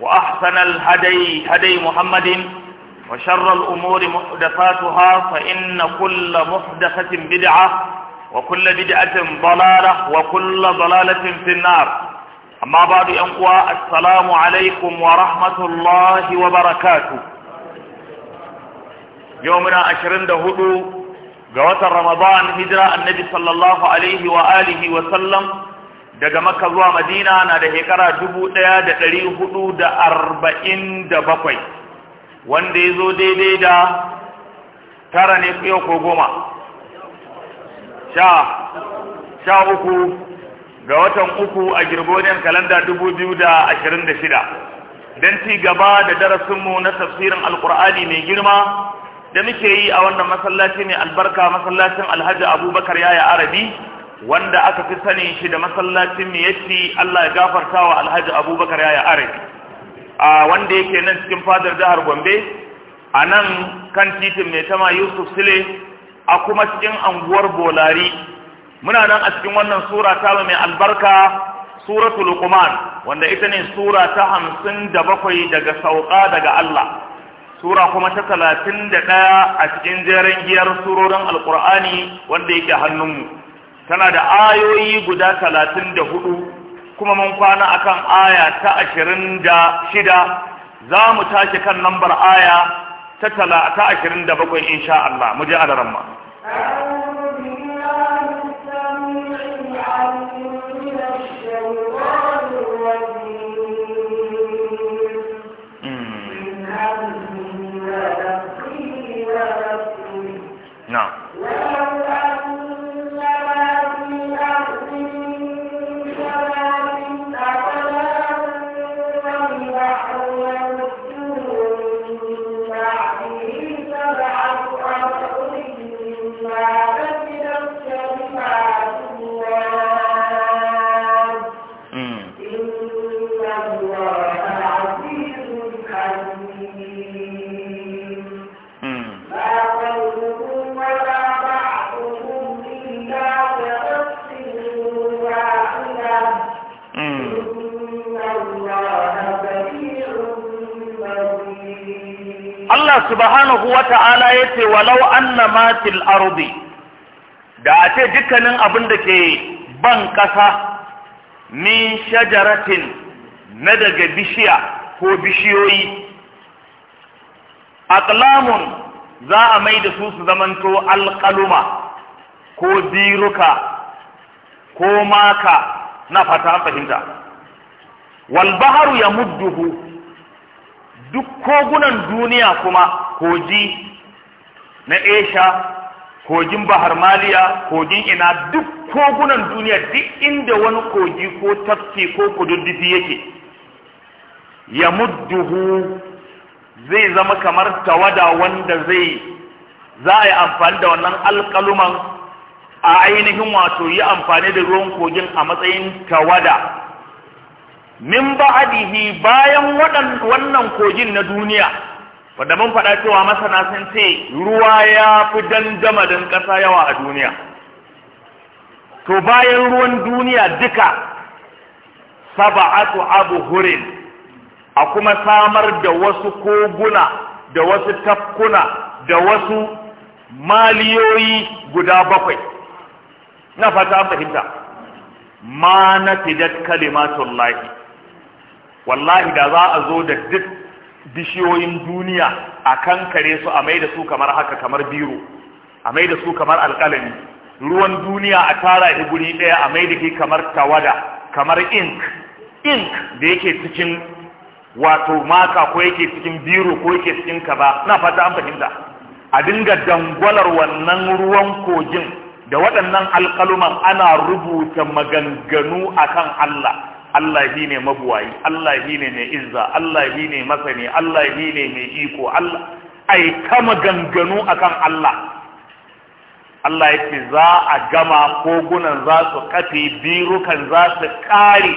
وأحسن الهدي هدي محمد وشر الأمور محدثاتها فإن كل محدثة بدعة وكل بدعة ضلالة وكل ضلالة في النار أما بعد أنقوى السلام عليكم ورحمة الله وبركاته يومنا أشرين دهدو جوات رمضان هجرة النبي صلى الله عليه وآله وسلم daga makka zuwa madina na da hekara dubu ɗaya da ɗari hudu da arba'in da bakwai wanda ya zo daidai da tara ne yau ko goma sha uku ga watan uku a girgoniyar kalanda dubu biyu da ashirin da shida don ci gaba da darasinmu na tafsirin alkur'ani mai girma da muke yi a wannan masallaci mai albarka masallacin alhaji abubakar yaya arabi wanda aka fi sani shi da masallacin miyatti Allah ya gafarta wa alhaji abubakar yaya are a wanda yake nan cikin fadar jihar gombe a nan kan titin mai tama yusuf sile a kuma cikin anguwar bolari muna nan a cikin wannan sura ta mai albarka suratu luqman wanda ita ne sura ta hamsin da bakwai daga sauka daga Allah sura kuma ta talatin da ɗaya a cikin jerin giyar surorin alƙur'ani wanda yake hannunmu tana da ayoyi guda talatin da hudu kuma mun kwana akan aya ta ashirin da shida za mu tashi kan lambar aya ta ashirin da bakwai insha Allah mu je a da ramma. ta'ala ya ce walau anna ma fil ardi da a ce dukkanin abin da ke ban ƙasa min shajaratin na daga bishiya ko bishiyoyi aqlamun za a mai da su su zamanto alƙaluma ko diruka, ko maka na fata fahimta wal baharu ya mudduhu duk kogunan duniya kuma kogi na esha kogin bahar maliya kogin ina duk kogunan duniya duk inda wani kogi ko tafki ko kududdufi yake ya mudduhu zai zama kamar tawada wanda zai za a yi amfani da wannan alƙaluman a ainihin wato yi amfani da ruwan kogin a matsayin tawada min ba'adihi bayan wannan kogin na duniya wanda mun faɗa cewa masana sun ce ruwa ya fi dandamalin ƙasa yawa a duniya to bayan ruwan duniya duka saba'atu abu hurin, a kuma samar da wasu koguna da wasu tafkuna da wasu maliyoyi guda bakwai na fata fahimta ma na fidat kalimatun lahi wallahi da za a zo da duk bishiyoyin duniya a kankare su a mai da su kamar haka kamar biro a mai da su kamar alƙalami ruwan duniya a tara shi guri ɗaya a mai da shi kamar tawada kamar ink ink da yake cikin wato maka ko yake cikin biro ko yake cikin kaza na fata an fahimta a dinga dangwalar wannan ruwan kogin da waɗannan alƙaluman ana rubuta maganganu akan Allah Allah shi ne mabuwayi Allah shi ne mai izza Allah shi ne masani Allah shi ne mai iko Allah ai kama ganganu akan Allah Allah ya ce za a gama kogunan za su kafe birukan za su kare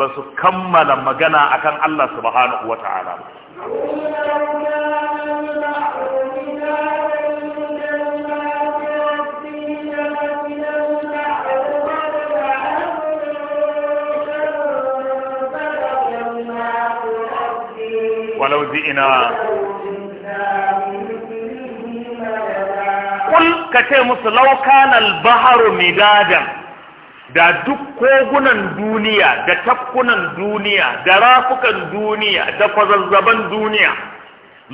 ba su kammala magana akan Allah subhanahu wa ta'ala ba walau ji'ina kul ka ce musu laukanal baharu midadan da duk kogunan duniya da tafkunan duniya da rafukan duniya da kwazazzaban duniya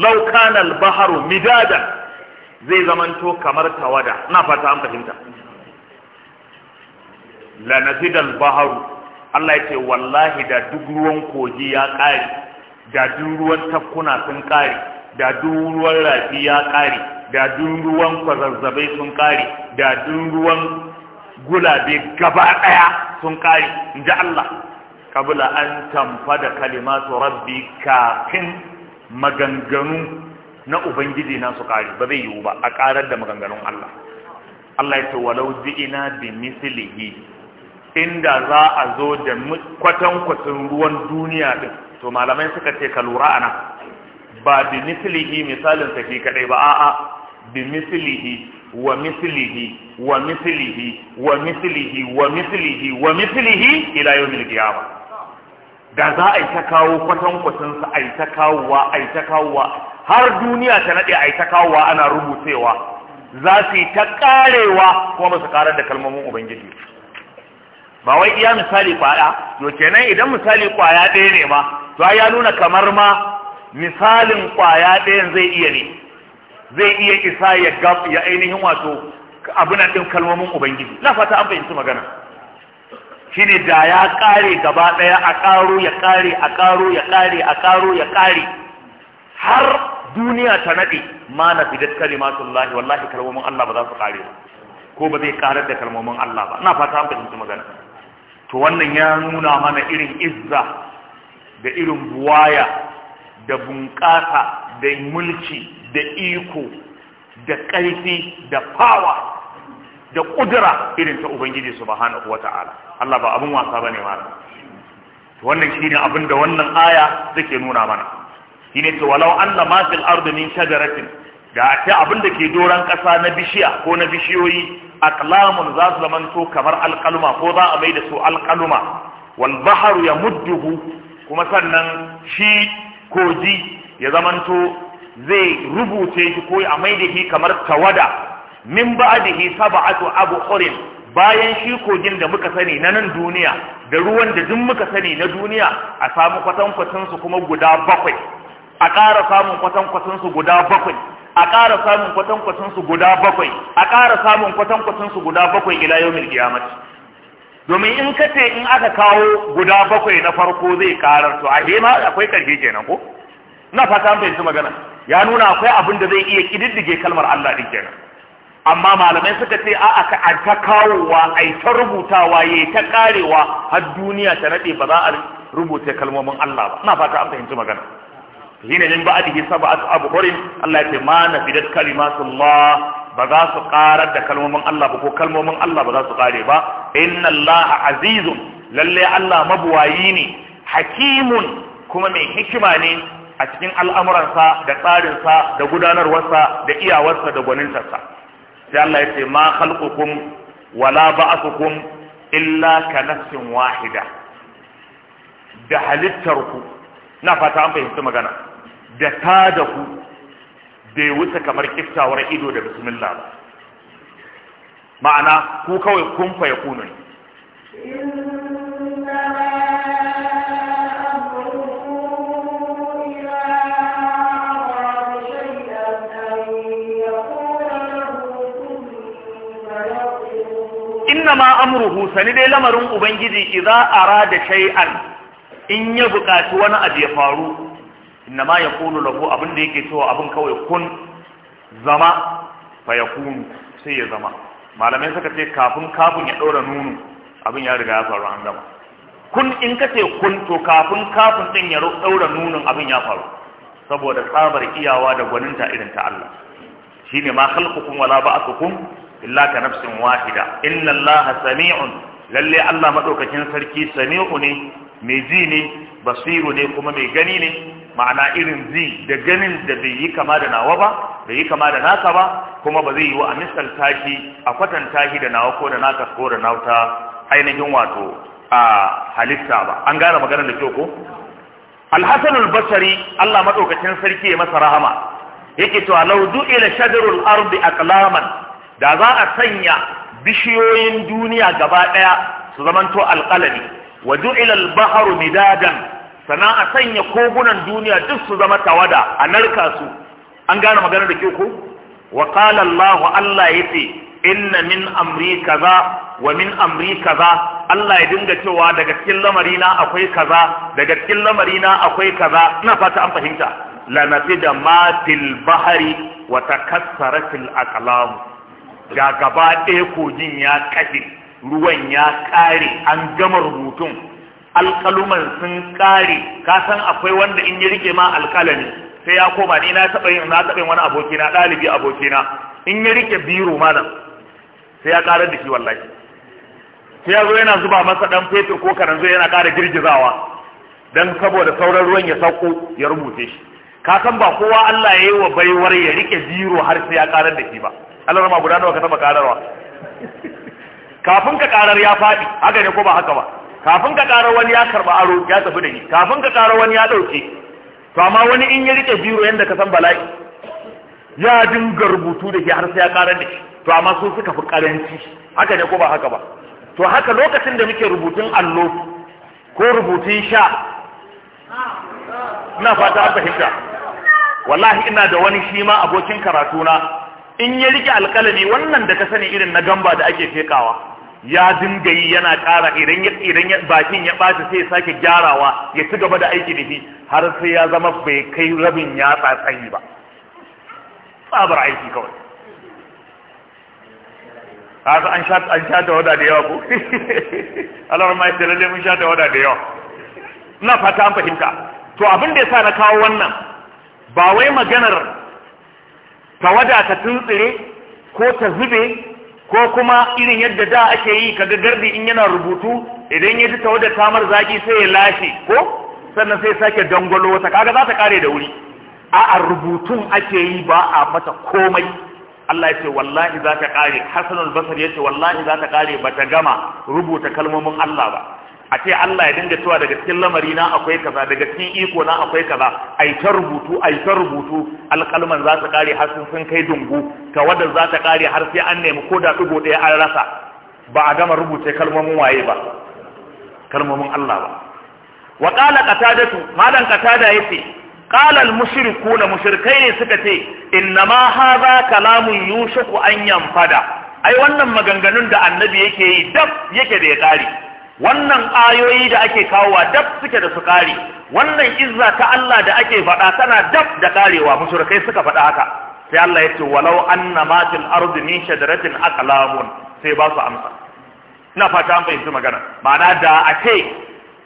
laukanal baharu midadan zai zamanto kamar tawada na fata an fahimta lanazidal baharu Allah ya ce wallahi da duk ruwan kogi ya ƙare da ruwan tafkuna sun kare da ruwan rafi ya kare da ruwan kwazazzabai sun kare da ruwan gulabe gaba daya sun kare inji Allah kabla an tamfa da kalimatu rabbi kafin maganganu na ubangiji na su kare ba zai yiwu ba a karar da maganganun Allah Allah ya ce walau ji'ina bi mislihi inda za a zo da kwatankwatan ruwan duniya din to malamai suka ce ka lura ana ba bi mislihi misalin sa shi kadai ba a'a bi mislihi wa mislihi wa mislihi wa mislihi wa mislihi wa mislihi ila yawmil qiyama da za a yi ta kawo kwatan kwatan sa a yi ta kawowa a yi ta kawowa har duniya ta nade a yi ta kawowa ana rubutewa za su yi ta karewa kuma ba su karar da kalmomin ubangiji ba wai iya misali kwaya to kenan idan misali kwaya ɗaya ne ma to ya nuna kamar ma misalin kwaya ɗayan zai iya ne zai iya isa ya gab ya ainihin wato abinan ɗin kalmomin ubangiji na fata an fahimci magana shine da ya kare gaba ɗaya a ƙaro ya kare, a ƙaro ya kare, a ƙaro ya kare, har duniya ta naɗe ma na fidat kalimatullahi wallahi kalmomin Allah ba za su kare ba ko ba zai ƙarar da kalmomin Allah ba na fata an fahimci magana to wannan ya nuna mana irin izza da irin buwaya da bunƙasa da mulki da iko da ƙarfi da fawa da ƙudura irin ta ubangiji subhanahu ta'ala Allah ba abin wasa ba ne mara wannan shi ne abin da wannan aya take nuna mana shine to walau anna ma fil ardi min shajaratin da ta abin da ke doron ƙasa na bishiya ko na bishiyoyi aqlamun za su zamanto kamar alƙaluma ko za a mai da su alƙaluma wal ya mudduhu. kuma sannan shi koji ya zamanto zai rubuce shi ko a mai da shi kamar tawada min da ato abu abhurin bayan shi kogin da muka sani na nan duniya da ruwan da duk muka sani na duniya a samu kwatankwacin kuma guda bakwai a ƙara samun kwatankwacin su guda bakwai a ƙara samun kwatankwacin guda bakwai a ƙara samun kwatankwacin guda bakwai ila mil kiyamati domin in ka ce in aka kawo guda bakwai na farko zai karar to a ma akwai karshe kenan ko na fata an fahimci magana ya nuna akwai abin da zai iya kididdige kalmar Allah din kenan amma malamai suka ce a aka a ta kawowa a ta rubutawa yayi ta karewa har duniya ta nade ba za a rubuta kalmomin Allah ba na fata an fahimci magana shine min ba'dihi sab'atu abhurin Allah ya ce ma nafidat kalimatullah ba za su karar da kalmomin Allah ba ko kalmomin Allah ba za su kare ba inna Allah azizun lalle Allah mabuwayi ne hakimun kuma mai hikima ne a cikin al'amuransa da tsarinsa da gudanarwarsa da iyawarsa da gwanintarsa sai Allah ya ce ma khalqukum wala ba'athukum illa ka nafsin wahida da halittarku na fata an fahimci magana da ta da ku bai wuce kamar kiftawar ido da bismillah ba ma'ana ku kawai kun fa yakunu ne ma amruhu sani dai lamarin ubangiji a rada shai’an in ya buƙaci wani abu ya faru innama ya kulu lahu abin da yake cewa abin kawai kun zama fa ya kunu sai ya zama malamai suka ce kafin kafin ya ɗora nunu abin ya riga ya faru an gama kun in ka ce kun to kafin kafin ɗin ya ɗora nunun abin ya faru saboda tsabar iyawa da gwaninta irin ta Allah shine ma khalqukum wala ba'thukum illa ka nafsin wahida inna Allaha sami'un lalle Allah madaukakin sarki sami'u ne mai ji ne basiru ne kuma mai gani ne ma'ana irin zi da ganin da bai yi kama da nawa ba bai yi kama da naka ba kuma ba zai yi wa a misalta shi a kwatanta shi da nawa ko da naka ko da nauta ainihin wato a halitta ba an gane maganar da kyau ko alhassan albasari allah maɗaukacin sarki ya masa rahama yake cewa lau du'ila shajarul ardi aqlaman da za a sanya bishiyoyin duniya gaba ɗaya su zamanto alƙalami wa du'ila al-bahru midadan sannan a sanya kogunan duniya duk su zama tawada a narka su an gane magana da ke ko wa qala Allah Allah yace inna min amri kaza wa min amri kaza Allah ya dinga cewa daga cikin na akwai kaza daga cikin lamari na akwai kaza ina fata an fahimta la nafida ma fil bahri wa takassarat al aqlam ga gaba ɗaya kogin ya kashe ruwan ya kare an gama rubutun alƙaluman sun ƙare ka san akwai wanda in ya rike ma alƙalami sai ya koma ni na taɓa yin na taɓa wani na ɗalibi abokina in ya rike biro malam sai ya ƙarar da shi wallahi sai ya zo yana zuba masa ɗan fetur ko zo yana ƙara girgizawa don saboda sauran ruwan ya sauko ya rubuce shi ka san ba kowa Allah ya yi wa baiwar ya rike biro har sai ya ƙarar da shi ba Allah rama guda nawa ka taɓa ƙararwa kafin ka ƙarar ya faɗi haka ne ko ba haka ba kafin ka ƙara wani ya karba aro ya tafi da ni kafin ka ƙara wani ya ɗauke to amma wani in ya rike biro yadda ka san bala'i ya dinga rubutu da ke har sai ya ƙara da shi to amma su suka fi ƙaranci haka ne ko ba haka ba to haka lokacin da muke rubutun allo ko rubutun sha ina fata an fahimta wallahi ina da wani shi ma abokin na in ya rike alƙalami wannan da ka sani irin na gamba da ake fekawa ya dinga yi yana ƙara idan ya idan bakin ya ɓaci sai ya sake gyarawa ya ci gaba da aiki da shi har sai ya zama bai kai rabin ya tsayi ba tsabar aiki kawai haka an sha an sha da wada da yawa ko Allah ma ya lalle mun sha da wada da yawa ina fata an fahimta to abin da yasa na kawo wannan ba wai maganar ta wada ta tuntsire ko ta zube ko kuma irin yadda da ake yi kaga gardi in yana rubutu idan ya ji da tamar zaki sai ya lashe ko sannan sai sake dangwalo wata kaga za ta kare da wuri a rubutun ake yi ba a mata komai Allah ya ce wallahi za ta kare Hassan al-Basri ya ce wallahi za ta kare ba ta gama rubuta kalmomin Allah ba a ce Allah ya dinga cewa daga cikin lamari na akwai kaza daga cikin iko na akwai kaza ai ta rubutu ai ta rubutu alƙalman za ta kare har sun kai dungu wadda za ta kare har sai an nemi ko da ɗigo ɗaya an rasa ba a gama rubuce kalmomin waye ba kalmomin Allah ba wa qala qatadatu malan qatada yace qala al mushrikuna mushrikai ne suka ce innama hadha kalamun yushiku an yanfada ai wannan maganganun da annabi yake yi dab yake da ya kare wannan ayoyi da ake kawowa dab suke da su kare wannan izza ta Allah da ake faɗa tana dab da karewa mushrikai suka faɗa haka sai Allah ya ce walau anna ma fil ardi min shajaratin aqlamun sai ba su amsa ina fata an fahimci magana ma'ana da ake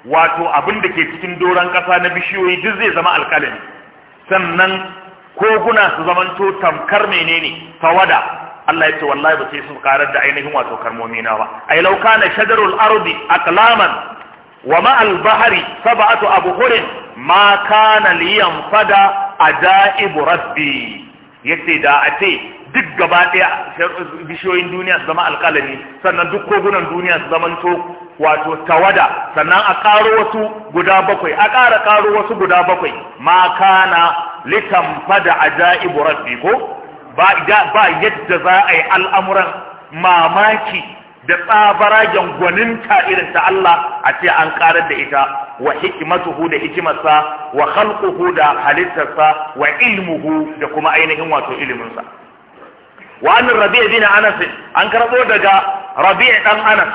wato abin da ke cikin doron ƙasa na bishiyoyi duk zai zama alkalami sannan koguna su zamanto tamkar menene tawada Allah ya ce wallahi ba sai sun karar da ainihin wato karmomi na ba ai law kana shajarul ardi aqlaman wa ma al bahri sab'atu abhurin ma kana liyanfada ajaibu rabbi yace da a ce duk gaba daya bishiyoyin duniya su zama alƙalami sannan duk kogunan duniya su zamanto wato tawada sannan a ƙaro wasu guda bakwai a ƙara ƙaro wasu guda bakwai ma kana litanfada ajaibu rabbi ko ba yadda za a yi al'amuran mamaki da tsabaragen gwaninta irin ta Allah a ce an karar da ita wa hikimatuhu da hikimarsa wa halkuhu da halittarsa wa ilmuhu da kuma ainihin wato iliminsa wa annar rabi' bin anas an karbo daga rabi'a dan anas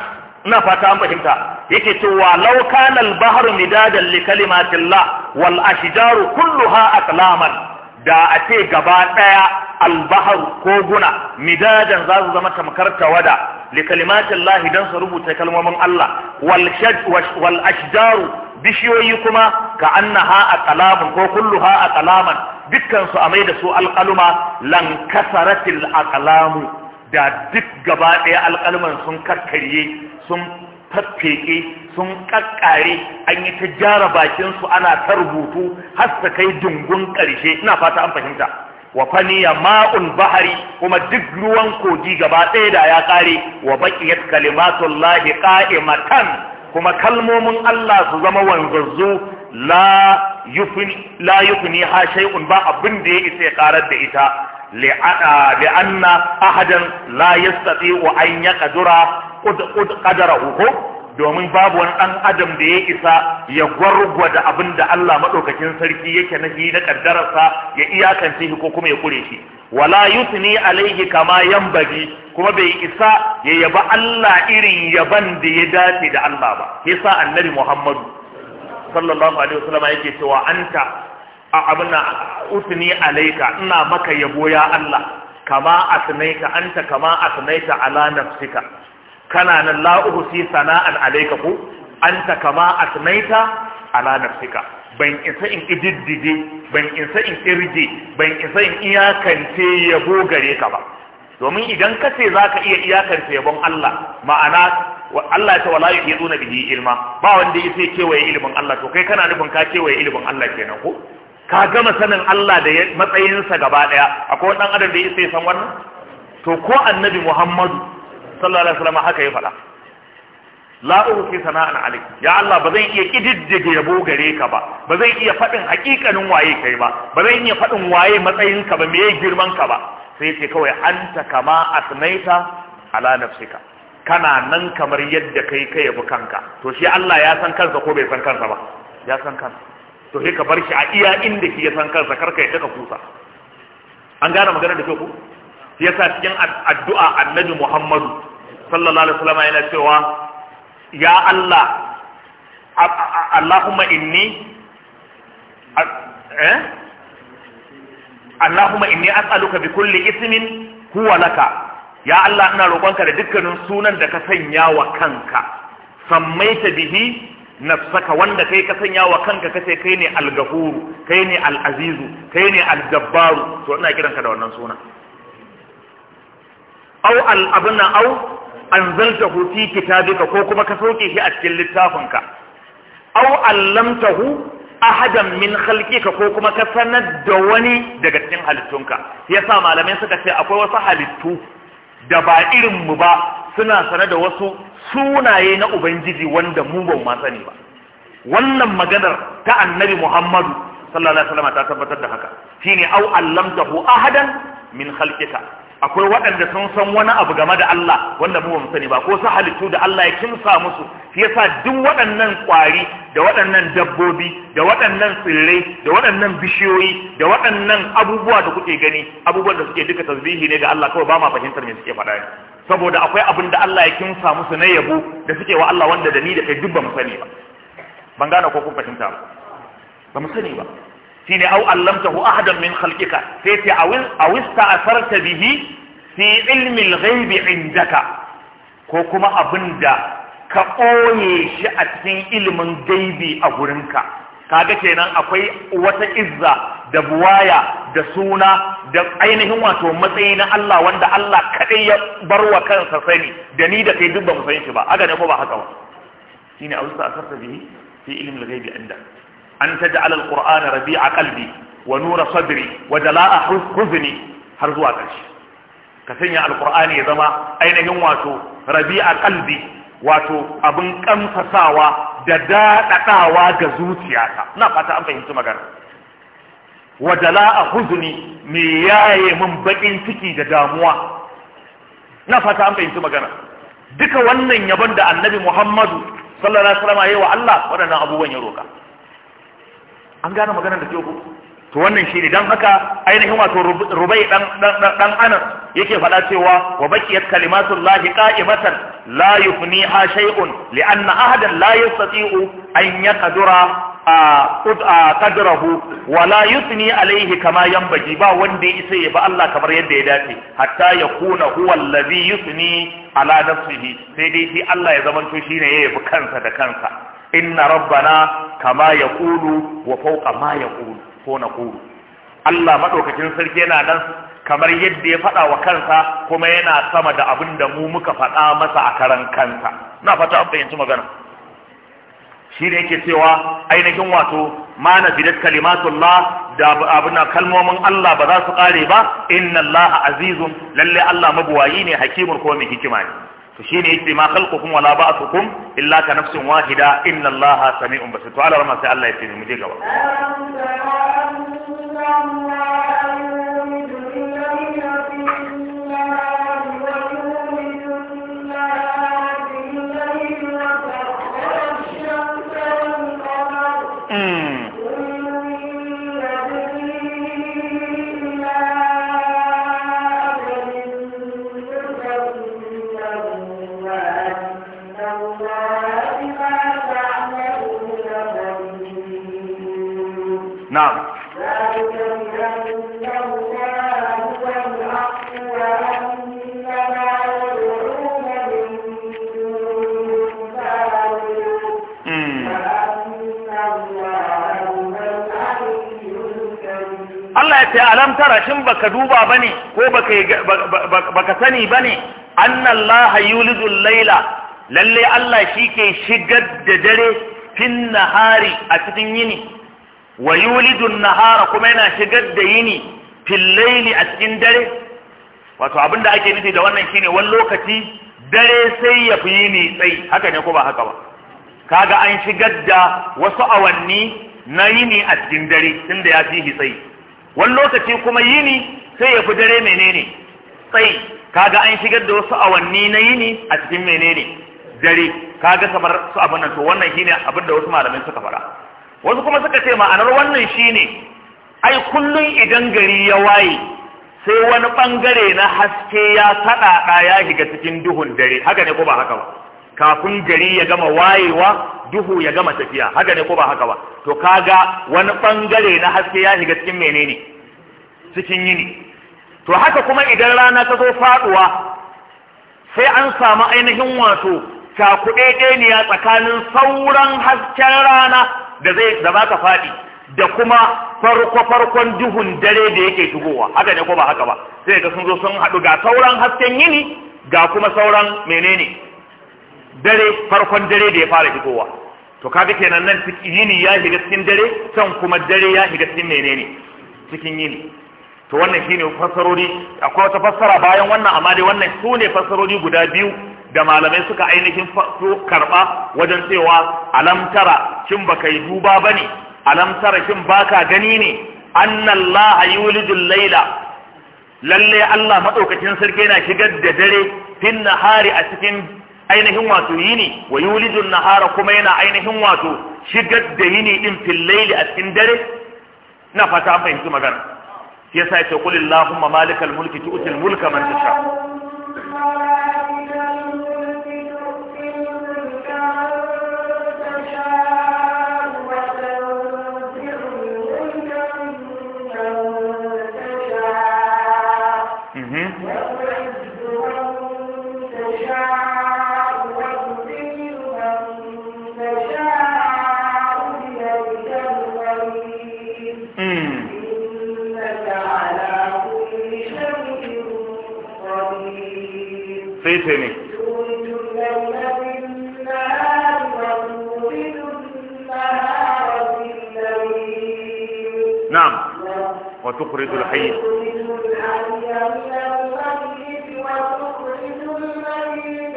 ina fata an fahimta yake cewa law kana al-bahru midadan li kalimatillah wal ashjaru kulluha aqlaman da a ce gaba ɗaya albahar koguna midajan za su zama tamkar tawada li kalimatin lahi don su rubuta kalmomin Allah wal ashjaru bishiyoyi kuma ka a kalaman, ko ha a kalaman, su a mai da su alƙaluma lan kasaratil kalamu. da duk gaba ɗaya alqalman sun karkarye sun faffeke sun kakkare an yi ta jara bakinsu ana ta rubutu har su kai dungun ƙarshe ina fata an fahimta wa faniya ma'un bahari kuma duk ruwan kogi gaba ɗaya da ya ƙare wa baqiyat kalimatullahi lahi kuma kalmomin Allah su zama wanzazzu la yufni ha shay'un ba abin da ya isa ya karar da ita li'anna ahadan la yastati wa an yaqdura qadarahu domin babu wani ɗan adam da ya isa ya gwargwada abin da Allah maɗaukakin sarki yake na da ƙaddararsa ya iyakance shi ko kuma ya kure shi wala yusni alaihi kama yambagi kuma bai isa ya yaba Allah irin yaban da ya dace da Allah ba yasa annabi Muhammadu sallallahu alaihi wasallam yake cewa anta a abuna usni alaika ina maka yabo ya Allah kama asnaita anta kama asnaita ala nafsika kana nan si sana'an alayka ku anta kama asnaita ala nafsika ban isa in ididdige ban isa in irje ban isa in iyakance yabo gare ka ba domin idan ka ce za ka iya iyakance yabon Allah ma'ana Allah ya ce wala yuhiduna bihi ilma ba wanda ce kewaye ilimin Allah to kai kana nufin ka kewaye ilimin Allah kenan ko ka gama sanin Allah da matsayinsa gaba daya akwai dan adam da yace san wannan to ko annabi Muhammadu sallallahu alaihi wasallam haka ya faɗa la uhsi sana'an alayk ya Allah ba zan iya kididdige yabo gare ka ba ba zan iya faɗin hakikanin waye kai ba ba zan iya faɗin waye matsayin ka ba me girman ka ba sai ce kawai anta kama asnaita ala nafsika kana nan kamar yadda kai ka yabi kanka to shi Allah ya san kansa ko bai san kansa ba ya san kansa to sai ka bar shi a iya inda shi ya san kansa karka ya taka kusa an gane magana da kyau ko. shi yasa cikin addu'a annabi Muhammadu sallallahu alaihi wasallam yana cewa ya Allah Allahumma inni eh Allahumma inni as'aluka bi kulli ismin huwa laka ya Allah ina roƙonka da dukkanin sunan da ka sanya wa kanka sammaita bihi nafsaka wanda kai ka sanya wa kanka kace kai ne al-gafuru kai ne al-azizu kai ne al-jabbaru to ina kiranka da wannan sunan au an au anzaltahu fi kitabika ko kuma ka sauke shi a cikin littafinka au allamtahu ahadan min khalqika ko kuma ka sanar da wani daga cikin halittunka yasa malamai suka ce akwai wasu halittu da ba irin mu ba suna sane da wasu sunaye na ubangiji wanda mu ba ma sani ba wannan maganar ta annabi muhammadu sallallahu alaihi wasallam ta tabbatar da haka shine au allamtahu ahadan min khalqika akwai waɗanda sun san wani abu game da Allah wanda mu bamu sani ba ko su halittu da Allah ya kimsa musu shi yasa duk waɗannan ƙwari da waɗannan dabbobi da waɗannan tsirrai da waɗannan bishiyoyi da waɗannan abubuwa da kuke gani abubuwan da suke duka tasbihi ne ga Allah kawai ba ma fahimtar me suke faɗa saboda akwai abin da Allah ya kimsa musu na yabo da suke wa Allah wanda da ni da kai duk bamu sani ba ban gane ko kun fahimta ba bamu sani ba shine au allamtahu ahadan min khalqika sai ce awin awista asarta bihi fi ilmi al indaka ko kuma abinda ka koye shi a cikin ilimin gaibi a gurinka kaga kenan akwai wata izza da buwaya da suna da ainihin wato matsayi na Allah wanda Allah kadai ya barwa kansa sani da ni da kai duk ba mu san shi ba aga ne ko ba haka ba shine awista asarta bihi fi ilmi al indaka an alal al rabi a ƙalbi wa nura sadri wa a huzni har zuwa ƙarshe ka sanya alqur'ani ya zama ainihin wato rabi a ƙalbi wato abin ƙamfasawa da daɗaɗawa ga zuciyata na fata an fahimci magana wa a huzni me yaye min baƙin ciki da damuwa na fata an fahimci magana duka wannan yabon da annabi Muhammadu sallallahu alaihi wa wasallam yayi wa Allah waɗannan abubuwan ya roka an gane maganar da ke ku to wannan shi ne don haka ainihin wato rubai dan anas yake faɗa cewa wa bakiyat kalimatun lahi qa'imatan la yufni ha shay'un li ahadan la yastati'u an yaqdura qadrahu wa la yusni alayhi kama yanbaghi ba wanda isa ya ba Allah kamar yadda ya dace hatta yakuna huwa allazi yusni ala nafsihi sai dai shi Allah ya zamanto ne ya yabi kansa da kansa inna rabbana kama yaqulu wa fawqa ma yaqulu ko naqulu Allah madaukakin sarki yana nan kamar yadda ya faɗawa wa kansa kuma yana sama da abin da mu muka faɗa masa a karan kansa na fata an fahimci magana shi ne yake cewa ainihin wato ma na bidat kalimatullah da abuna kalmomin Allah ba za su kare ba inna Allah azizun lalle Allah mabuwayi ne hakimar ko mai hikima ne to shine yace ma khalqukum wala ba'thukum illa ka nafsin wahida inna allaha sami'un basir to Allah ma sai Allah ya ce mu je gaba a ce alam tara shin baka duba bane ko baka baka sani bane annallaha yulidul laila lalle Allah shi ke shigar da dare fin nahari a cikin yini wa yulidun nahara kuma yana shigar da yini fil laili a cikin dare wato abinda ake nufi da wannan shine wani lokaci dare sai ya fi yini tsayi haka ne ko ba haka ba kaga an shigar da wasu awanni na yini a cikin dare tunda ya fi tsayi wani lokaci kuma yini sai ya fi dare menene tsayi kaga an shigar da wasu awanni na yini a cikin menene dare kaga kamar su abin nan to wannan shine abin da wasu malamin suka fara wasu kuma suka ce ma'anar wannan shine ai kullun idan gari ya waye sai wani bangare na haske ya da ya shiga cikin duhun dare haka ne ko ba haka ba kafin gari ya gama wayewa duhu ya gama tafiya haka ne ko ba haka ba to kaga wani bangare na haske ya shiga cikin menene cikin yini to haka kuma idan rana ta zo faduwa sai an samu ainihin wato cakuɗe ɗeniya tsakanin sauran hasken rana da zai da za ka faɗi da kuma farko-farkon duhun dare da yake shigowa haka ne ko ba haka ba sai ga sun zo sun haɗu ga sauran hasken yini ga kuma sauran menene dare farkon dare da ya fara shigowa. to kaga kenan nan cikin yini ya shiga cikin dare can kuma dare ya shiga cikin menene cikin yini to wannan shine fassarori akwai wata fassara bayan wannan amma dai wannan su ne fassarori guda biyu da malamai suka ainihin karba wajen cewa alamtara shin baka yi duba bane alamtara shin baka gani ne annallaha yulijul laila lalle Allah madaukakin sarki yana shigar da dare fin nahari a cikin ainihin wato yini wa yulijul nahara kuma yana ainihin wato shigar da yini din fil laili a cikin dare na fata fahimci magana shi yasa ya ce qul allahumma malikal mulki tu'til mulka man tasha صيفني نعم وتخرج الحي وتخرج الميت من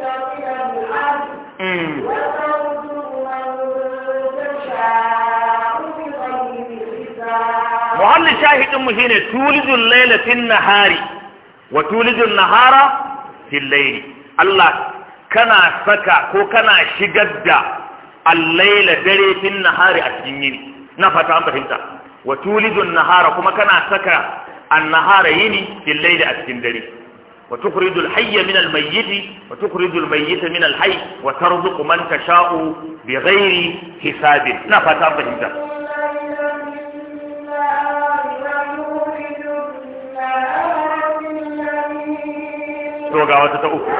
الحي وتخرج من تشاء بغير حساب معل شاهد مهينة تولد الليل في النهار وتولد النهار fillaili Allah kana saka ko kana shigar da allaila dare fin nahari a cikin yini na fata an fahimta wa tulijun nahara kuma kana saka annahara yini fil a cikin dare wa tukhrijul hayya min al mayyit wa tukhrijul mayyita min al wa tarzuqu man tasha'u bighairi hisabin na fata an fahimta to ga wata ta uku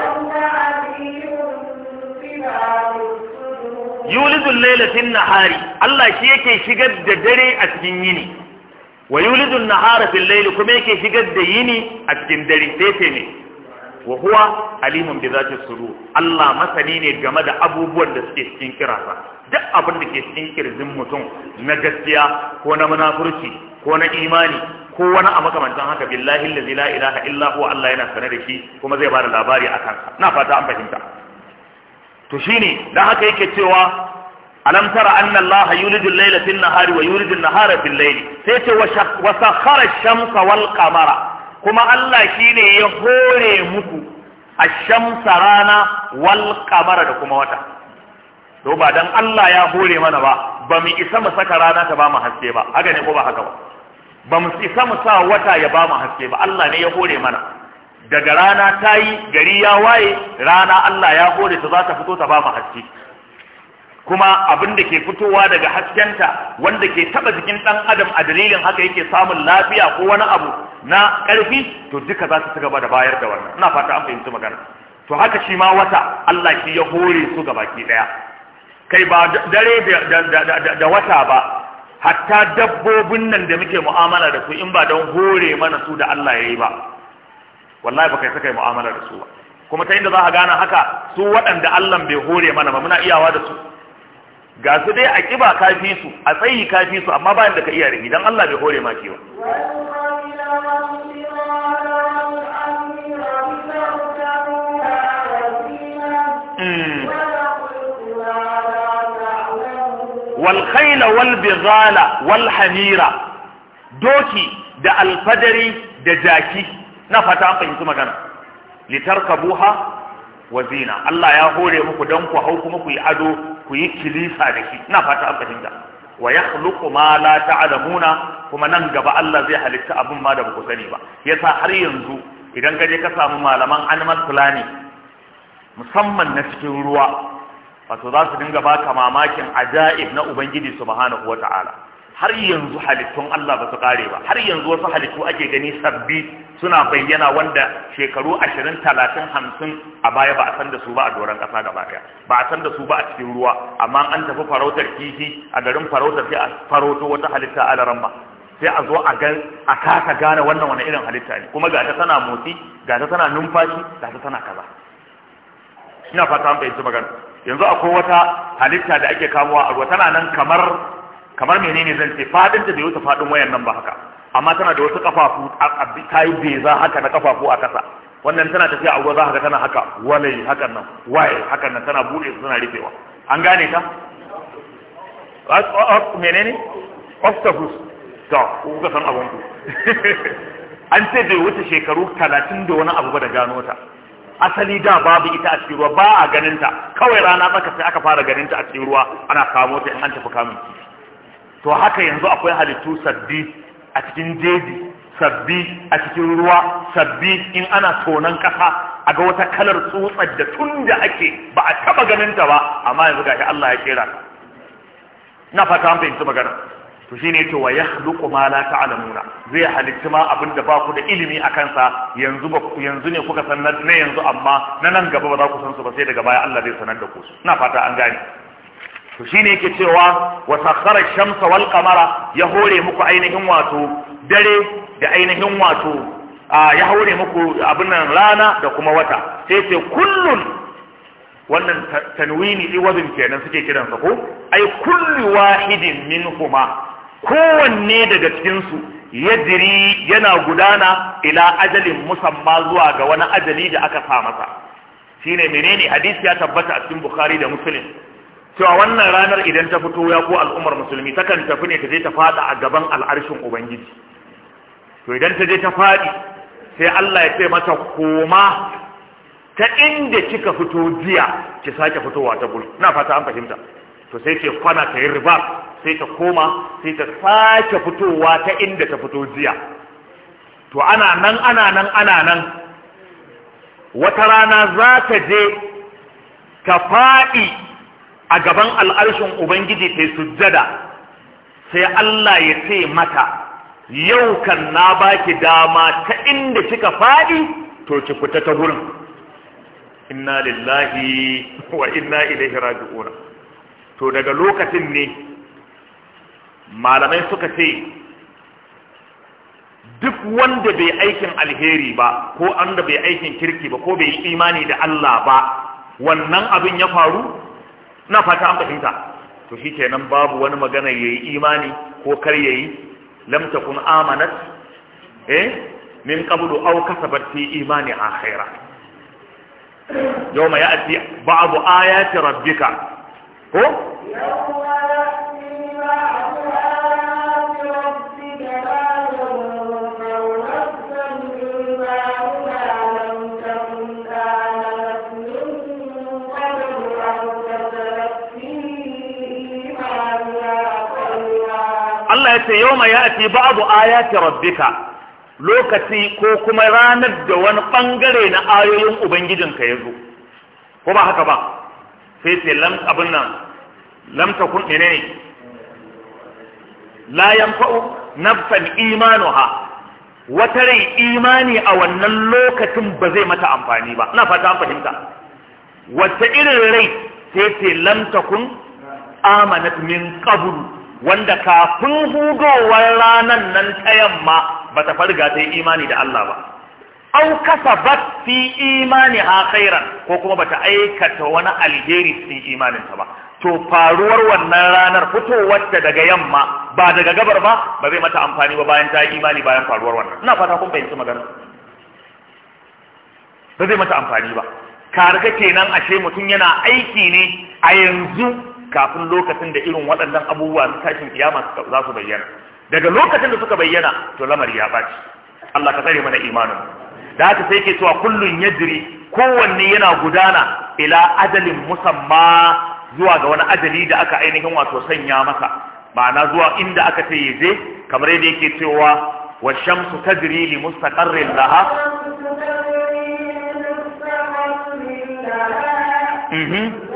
nahari Allah shi yake shigar da dare a cikin yini wa yulidul nahara fil layli kuma yake shigar da yini a cikin dare sai ne wa huwa alimun bi zati sudur Allah masani ne game da abubuwan da suke cikin kirasa duk abin da ke cikin kirjin mutum na gaskiya ko na munafurci ko na imani ko wani a makamantan haka billahi allazi la ilaha illa huwa Allah yana sanar da shi kuma zai bada labari a kansa na fata an fahimta to shine dan haka yake cewa alam tara anna Allah yulidu al-layla nahari wa yulidu an-nahara fil sai ce wa sakhara ash-shamsa wal qamara kuma Allah shine ya hore muku ash-shamsa rana wal qamara da kuma wata to ba dan Allah ya hore mana ba ba mu isa mu saka rana ta ba mu haske ba haka ne ko ba haka ba ba mu isa mu sa wata ya ba mu haske ba Allah ne ya hore mana daga rana tayi gari ya waye rana Allah ya hore ta za ta fito ta ba mu haske kuma abin da ke fitowa daga haskenta wanda ke taba jikin dan adam a dalilin haka yake samun lafiya ko wani abu na karfi to duka za su ci gaba da bayar da wannan ina fata an fahimci magana to haka shi ma wata Allah shi ya hore su gaba baki daya kai ba dare da wata ba hatta dabbobin nan da muke mu'amala da su in ba don hore mana su da Allah ya yi ba wallahi ba kai saka yi mu'amala da su ba kuma ta inda za a gane haka su waɗanda Allah bai hore mana ba muna iyawa da su ga su dai a ƙiba kafi su a tsayi kafi su amma bayan da ka iya rigi idan Allah bai hore ma ba Mm. wal khayla wal bighala wal hamira doki da alfadari da jaki na fata an fahimci magana litarkabuha wa zina Allah ya hore muku dan ku hau kuma ku yi ado ku yi kilisa da shi na fata an fahimta wa yakhluqu ma la ta'lamuna kuma nan gaba Allah zai halitta abin ma da ba ku sani ba yasa har yanzu idan ka je ka samu malaman animal planning musamman na cikin ruwa wato za su dinga baka mamakin ajaib na ubangiji subhanahu wata'ala har yanzu halittun Allah ba su kare ba har yanzu wasu halittu ake gani sabbi suna bayyana wanda shekaru 20 30 50 a baya ba a san da su ba a doron kasa gaba daya ba a san da su ba a cikin ruwa amma an tafi farautar kifi a garin farautar sai a farauto wata halitta a laramba sai a zo a gan a kasa gane wannan wani irin halitta ne kuma ga ta tana motsi ga ta tana numfashi ga ta tana kaza ina fata an bayyana magana yanzu akwai wata halitta da ake kamuwa a ruwa tana nan kamar kamar menene zan ce fadin ta bai wuce fadin wayan nan ba haka amma tana da wasu kafafu ta yi beza haka na kafafu a kasa wannan tana tafiya a ruwa za ka tana haka walai hakan nan waye hakan nan tana bude su tana rufewa an gane ta menene octopus to kuka san abun ku an ce bai wuce shekaru talatin da wani abu ba da gano ta asali da babu ita a cikin ruwa ba a ganin ta kawai rana tsaka sai aka fara ganinta ta a cikin ruwa ana kamo ta in an tafi kamun to haka yanzu akwai halittu sabbi a cikin jeji sabbi a cikin ruwa sabbi in ana tonan kasa a ga wata kalar tsutsa da tun da ake ba a taba ganin ta ba amma yanzu gashi Allah ya kera na fata an fahimci magana to shine wa yakhluqu ma la ta'lamuna zai halitta ma abinda ba ku da ilimi akan sa yanzu ba yanzu ne kuka san na yanzu amma na nan gaba ba za ku san su ba sai daga baya Allah zai sanar da ku ina fata an gane to shine yake cewa wa sakhara shamsa wal qamara ya hore muku ainihin wato dare da ainihin wato ya hore muku abin rana da kuma wata sai ce kullun wannan tanwini iwazin kenan suke kiransa ko ai kulli wahidin huma kowanne daga cikinsu ya diri yana gudana ila ajalin musamman zuwa ga wani ajali da aka sa masa shine menene hadisi ya tabbata a cikin bukhari da muslim cewa wannan ranar idan ta fito ya ko al'ummar musulmi takan tafi ne ta je ta fada a gaban al'arshin ubangiji to idan ta je ta fadi sai Allah ya ce mata koma ta inda kika fito jiya ki sake fitowa ta gudu na fata an fahimta to sai ce kwana ta yi riba sai ta koma sai ta sake fitowa ta inda ta fito jiya to ana nan ana nan ana nan wata rana za ta je ta faɗi a gaban al'arshin ubangiji ta sujjada sai Allah ya ce mata yau kan na baki dama ta inda kika faɗi to ki fita ta gurin inna lillahi wa inna ilaihi raji'un to daga lokacin ne malamai suka ce duk wanda bai aikin alheri ba ko anda bai aikin kirki ba ko bai imani da Allah ba wannan abin ya faru na fata an fahimta to shi nan babu wani magana yayi imani ko kar yayi lam takun amanat eh min qablu aw kasabat fi imani akhira yawma ya'ti ba'du ayati rabbika ko yawma ya'ti ba'du Allah ya ce yau ma ya'ti ba'du ayati rabbika lokaci ko kuma ranar da wani ɓangare na ayoyin ubangijinka ya zo ko ba haka ba sai ce lam abin nan lam takun ne ne la yanfa'u nafsan imanuha wata rai imani a wannan lokacin ba zai mata amfani ba na fata fahimta wata irin rai sai ce lamta kun amanat min kaburu. wanda kafin hugowar ranan nan ta yamma ba ta farga ta yi imani da Allah ba au ba fi imani ha khairan ko kuma bata aikata wani alheri fi imaninta ba to faruwar wannan ranar fitowar ta daga yamma ba daga gabar ba ba zai mata amfani ba bayan ta yi imani bayan faruwar wannan ina fata kun fahimci magana ba zai mata amfani ba ka kenan ashe mutum yana aiki ne a yanzu kafin lokacin da irin waɗannan abubuwa su tashin kiyama za su bayyana daga lokacin da suka bayyana to lamari ya ɓaci Allah ka tsare mana imanin da haka sai ke cewa kullun jiri, kowanne yana gudana ila ajalin musamma zuwa ga wani ajali da aka ainihin wato sanya masa ma'ana zuwa inda aka ce yaje kamar yadda yake cewa wa shamsu tajri li mustaqarrin laha mhm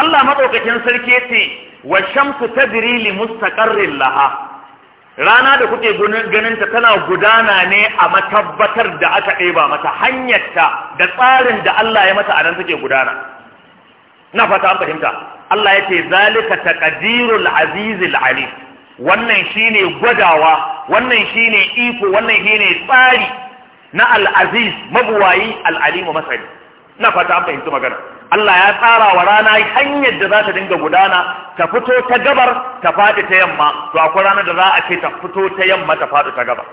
Allah maɗaukacin sarki yace wa shamsu tajri li mustaqarrin laha rana da kuke ganinta tana gudana ne a matabbatar da aka ɗeba mata hanyarta da tsarin da Allah ya mata a nan suke gudana na fata an fahimta Allah ya ce zalika taqdirul azizil alim wannan shine gwadawa wannan shine iko wannan shine tsari na al-aziz mabuwayi al-alim masani ina fata an fahimci magana Allah ya tsara wa rana hanyar da za ta dinga gudana ta fito ta gabar ta faɗi ta yamma to akwai ranar da za a ce ta fito ta yamma ta faɗi ta gabar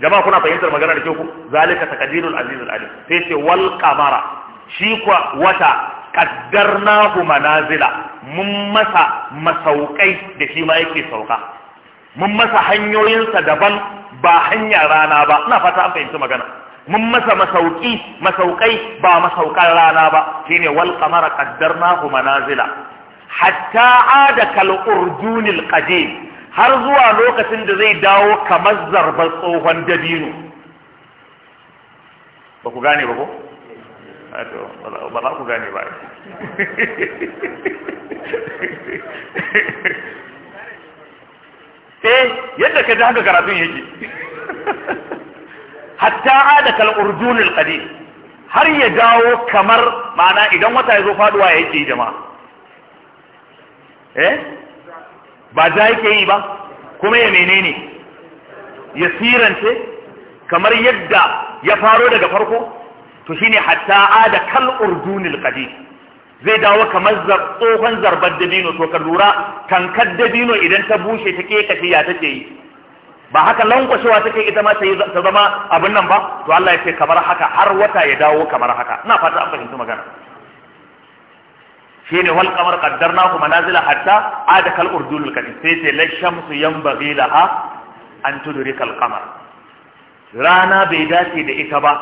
jama'a kuna fahimtar magana da kyau zalika taqdirul azizul alim sai ce wal qamara shi kwa wata qaddarnahu manazila mun masa masaukai da shi ma yake sauka mun masa hanyoyinsa daban ba hanya rana ba ina fata an fahimci magana mun masa masauki masaukai ba masaukan rana ba shine wal qamara qaddarnahu manazila hatta ada kal urjunil qadim har zuwa lokacin da zai dawo kamar zarbar tsohon dabino ba ku gane ba ko ba za ku gane ba eh yadda ka ji haka karatun yake hatta ada kal urdunul qadim har ya dawo kamar ma'ana idan wata ya zo faduwa ya yake jama'a eh ba za yake yi ba kuma ya menene ya sirance kamar yadda ya faro daga farko to shine hatta ada kal urdunil qadim zai dawo kamar tsohon zarbar dabino to ka lura tankar dabino idan ta bushe ta kekace ya take yi ba haka lankwashewa take ita ma ta zama abin nan ba to Allah ya ce kamar haka har wata ya dawo kamar haka ina fata an fahimci magana shine wal qamar qaddarnahu manazila hatta ada kal urdulul qadim sai ce la shamsu yanbaghi laha an tudrika al qamar rana bai dace da ita ba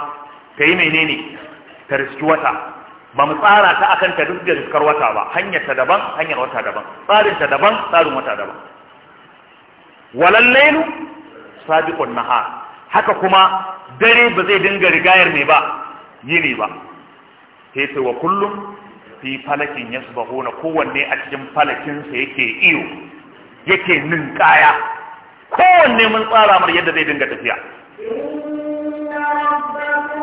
ta yi menene ta riski wata ba mu tsara ta akan ta duk da riskar wata ba hanyar ta daban hanyar wata daban tsarin ta daban tsarin wata daban walal sabiqun nahar haka kuma dare ba zai dinga rigayar ne ba yini ba sai wa kullum fi falakin yasbahuna kowanne a cikin falakin sa yake iyo yake ninkaya kowanne mun tsara mar yadda zai dinga tafiya inna rabbakum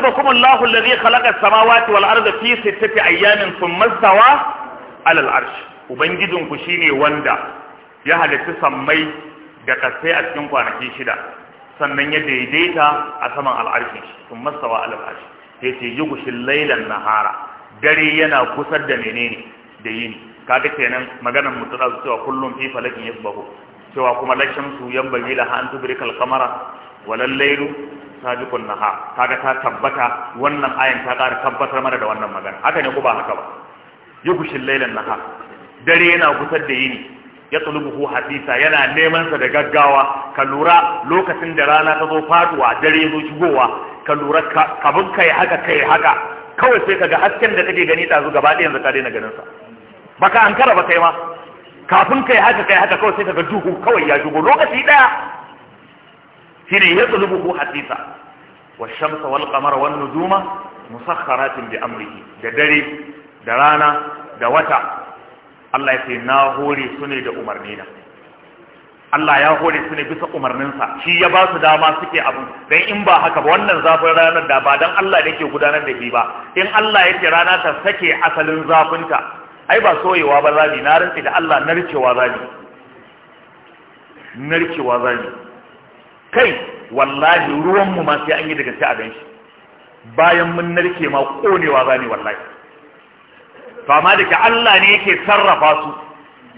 rabbakum Allahu alladhi khalaqa as-samawati wal arda fi sittati ayyamin thumma istawa ala al-arsh ubangijinku shine wanda ya halitta sammai da kasai a cikin kwanaki shida sannan ya daidaita a saman al'arshi thumma istawa ala al-arsh yace yughshil laylan nahara dare yana kusar da menene da yini kaga kenan maganar mutuna cewa kullum fi falakin yasbahu cewa kuma lakin su yan bagila ha an tubrikal qamara walal laylu sabiqun naha kaga ta tabbata wannan ayan ta ƙara tabbatar mana da wannan magana haka ne ko ba haka ba yughshil laylan naha dare yana gusar da yini ya tsulubuhu hadisa yana neman sa da gaggawa ka lura lokacin da rana ta zo faduwa dare zo shigowa ka lura bin kai haka kai haka kawai sai kaga hasken da kake gani ɗazu gaba ɗaya yanzu ka daina ganin sa baka ankara ba kai ma kafin kai haka kai haka kawai sai kaga duhu kawai ya shigo lokaci ɗaya shine ya tsulubu hasisa wa shamsa wal qamara wan nujuma musakharatin bi amrihi da dare da rana da wata Allah ya ce na hore su ne da umarnina Allah ya hore su ne bisa umarninsa shi ya ba su dama suke abin dan in ba haka ba wannan zafin ranar da ba dan Allah da ke gudanar da shi ba in Allah ya ce rana ta sake asalin zafinta ai ba soyewa ba zani na rantsi da Allah narkewa zani narkewa zani kai wallahi ruwanmu ma sai an yi daga sai a ganshi bayan mun narke ma konewa ba wallahi fama da ke Allah ne yake sarrafa su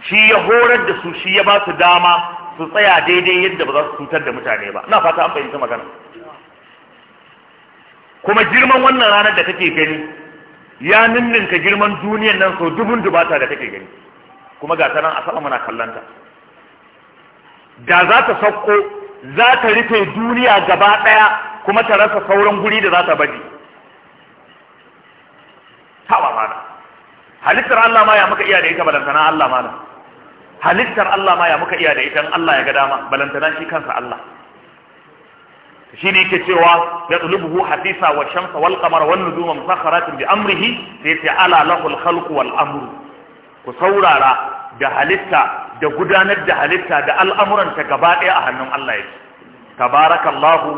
shi ya horar da su shi ya ba su dama su tsaya daidai yadda ba za su cutar da mutane ba na fata an fahimta magana kuma girman wannan ranar da kake gani ya ninninka girman duniyan nan sau dubun dubata da kake gani kuma ga ta nan a muna kallanta da za ta sauko za ta rufe duniya gaba ɗaya kuma ta rasa sauran guri da za ta bari hawa mana halittar Allah ma ya muka iya da ita balantana Allah mana halittar Allah ma ya muka iya da ita in Allah ya ga dama balantana shi kansa Allah shine yake cewa ya tsulubuhu hadisa wa shamsa wal qamara wan nujuma musakharatin bi amrihi sai ta ala lahul khalqu wal amru ku saurara da halitta da gudanar da halitta da al'amuranta gaba ɗaya a hannun Allah yake tabarakallahu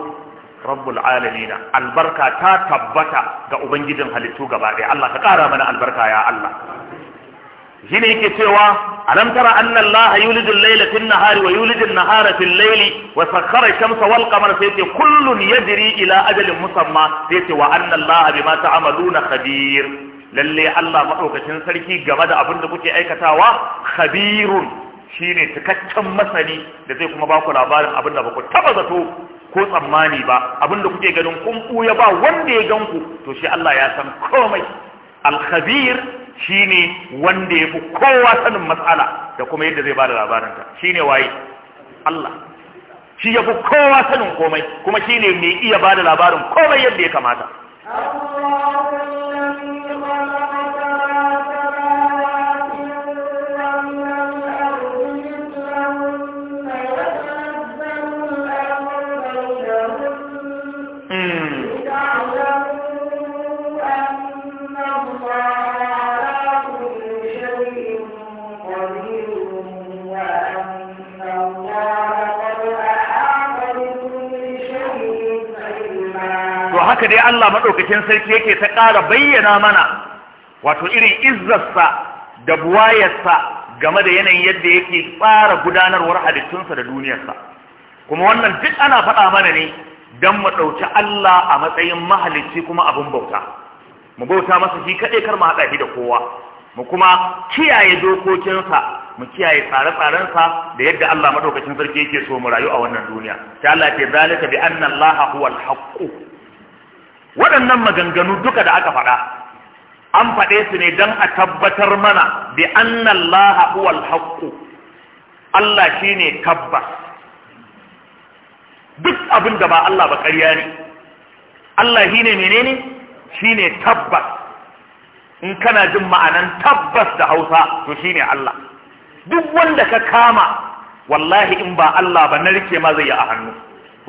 rabbul alamin albarka ta tabbata ga ubangijin halittu gaba ɗaya Allah ka ƙara mana albarka ya Allah shine yake cewa alam tara annan allaha yulidu al-layla fin an-nahari wa yulidu nahara layli wa sakhkhara shamsa wal qamara sai ce kullun yajri ila ajalin musamma sai ce wa anna allaha bima ta'maluna khabir lalle Allah madaukakin sarki game da abin da kuke aikatawa khabirun Shi ne cikakken masani da zai kuma baku labarin abin da baku taba zato ko tsammani ba abin da kuke ganin kun ya ba wanda ya ganku to shi Allah ya san komai al-khabir ne wanda ya fi kowa sanin matsala da kuma yadda zai bada labarinta ne waye Allah shi ya fi kowa sanin komai kuma shi ne mai iya ba da labarin komai yadda ya kamata haka dai Allah maɗaukacin sarki yake ta ƙara bayyana mana wato irin izzarsa da buwayarsa game da yanayin yadda yake tsara gudanarwar halittunsa da duniyarsa kuma wannan duk ana faɗa mana ne don mu ɗauki Allah a matsayin mahalicci kuma abin bauta mu bauta masa shi kaɗai kar mu haɗa shi da kowa mu kuma kiyaye dokokinsa mu kiyaye tsare-tsarensa da yadda Allah maɗaukacin sarki yake so mu rayu a wannan duniya sai Allah ya ce zalika bi anna Allah huwa al waɗannan maganganu duka da aka faɗa an faɗe su ne don a tabbatar mana bi annallaha huwal haqqu Allah shine tabbas duk abin da ba Allah ba ƙarya ne Allah shine menene shine tabbas in kana jin ma'anan tabbas da Hausa to shine Allah duk wanda ka kama wallahi in ba Allah ba narke ma zai yi a hannu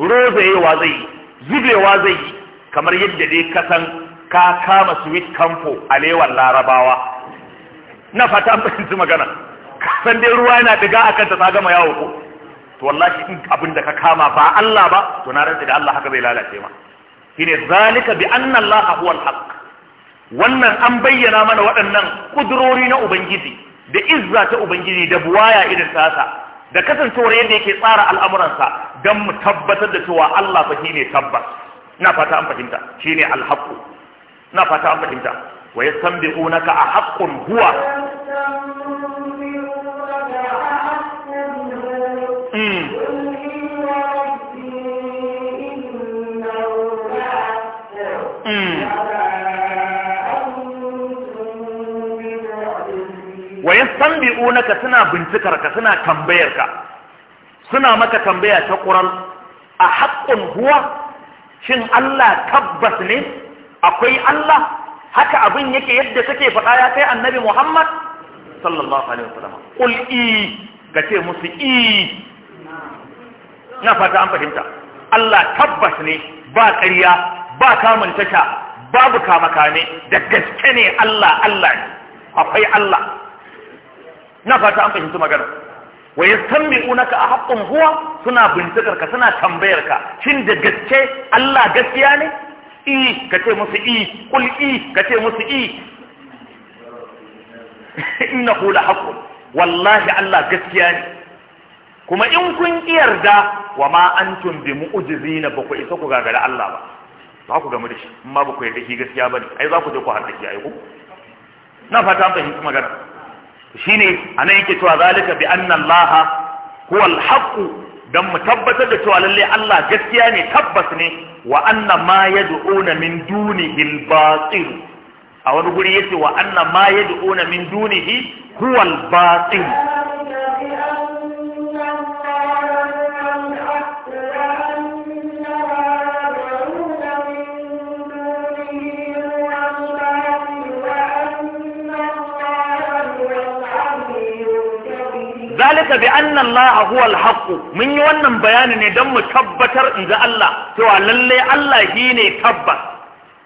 rozayewa zai yi zubewa zai yi kamar yadda dai ka san ka kama sweet campo alewar larabawa na fata an magana ka san dai ruwa yana diga a kanta ta gama yawo ko to wallahi in abin da ka kama ba Allah ba to na rantsa da Allah haka zai lalace ma shine zalika bi anna Allah huwa al-haq wannan an bayyana mana waɗannan kudurori na ubangiji da izza ta ubangiji da buwaya irin tasa da kasancewar yadda yake tsara al'amuransa don mu tabbatar da cewa Allah fa shine tabbas na fata an fahimta shine alhaqu na fata an fahimta wa yastanbi'unaka a haqqun huwa mm mm wa yastanbi'unaka suna bincikar ka suna tambayar ka suna maka tambaya ta Qur'an a haqqun huwa shin Allah tabbas ne akwai Allah haka abin yake yadda kake faɗa ya kai annabi Muhammad sallallahu alaihi wasallam qul i ce musu i na fata an fahimta Allah tabbas ne ba ƙarya ba kamun tasha babu kamakane da gaske ne Allah Allah ne akwai Allah na fata an fahimta magana wa unaka a haƙƙin huwa suna bincikar ka suna tambayar ka shin da gaske Allah gaskiya ne i ka ce musu i kul i ka ce musu i hu la haqqun wallahi Allah gaskiya ne kuma in kun yarda wa ma antum bi mu'jizina ba ku isa ku gagara Allah ba ba ku gamu da shi amma ba ku yarda shi gaskiya bane ai za ku je ku harkaki ai ku na fata an fahimci magana shine anan yake cewa zalika bi anna Allah huwa al-haqq dan mu tabbatar da cewa lalle Allah gaskiya ne tabbas ne wa anna ma yad'una min dunihi al-batil a wani guri yace wa anna ma yad'una min dunihi huwa al-batil zalika bi anna Allah huwa mun yi wannan bayanin ne dan mu tabbatar in ji Allah cewa lallai Allah shine tabbas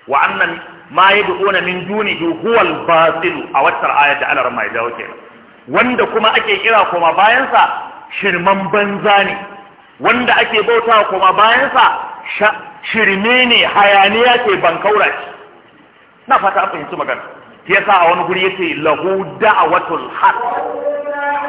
wa annan ma yad'una min dunihi huwa al-batil a wata ayat da Allah mai dawo kenan wanda kuma ake kira kuma bayan sa shirman banza ne wanda ake bauta kuma bayan sa shirme ne hayaniya ce bankaura na fata an fahimci magana yasa a wani guri yace lahu da'watul haqq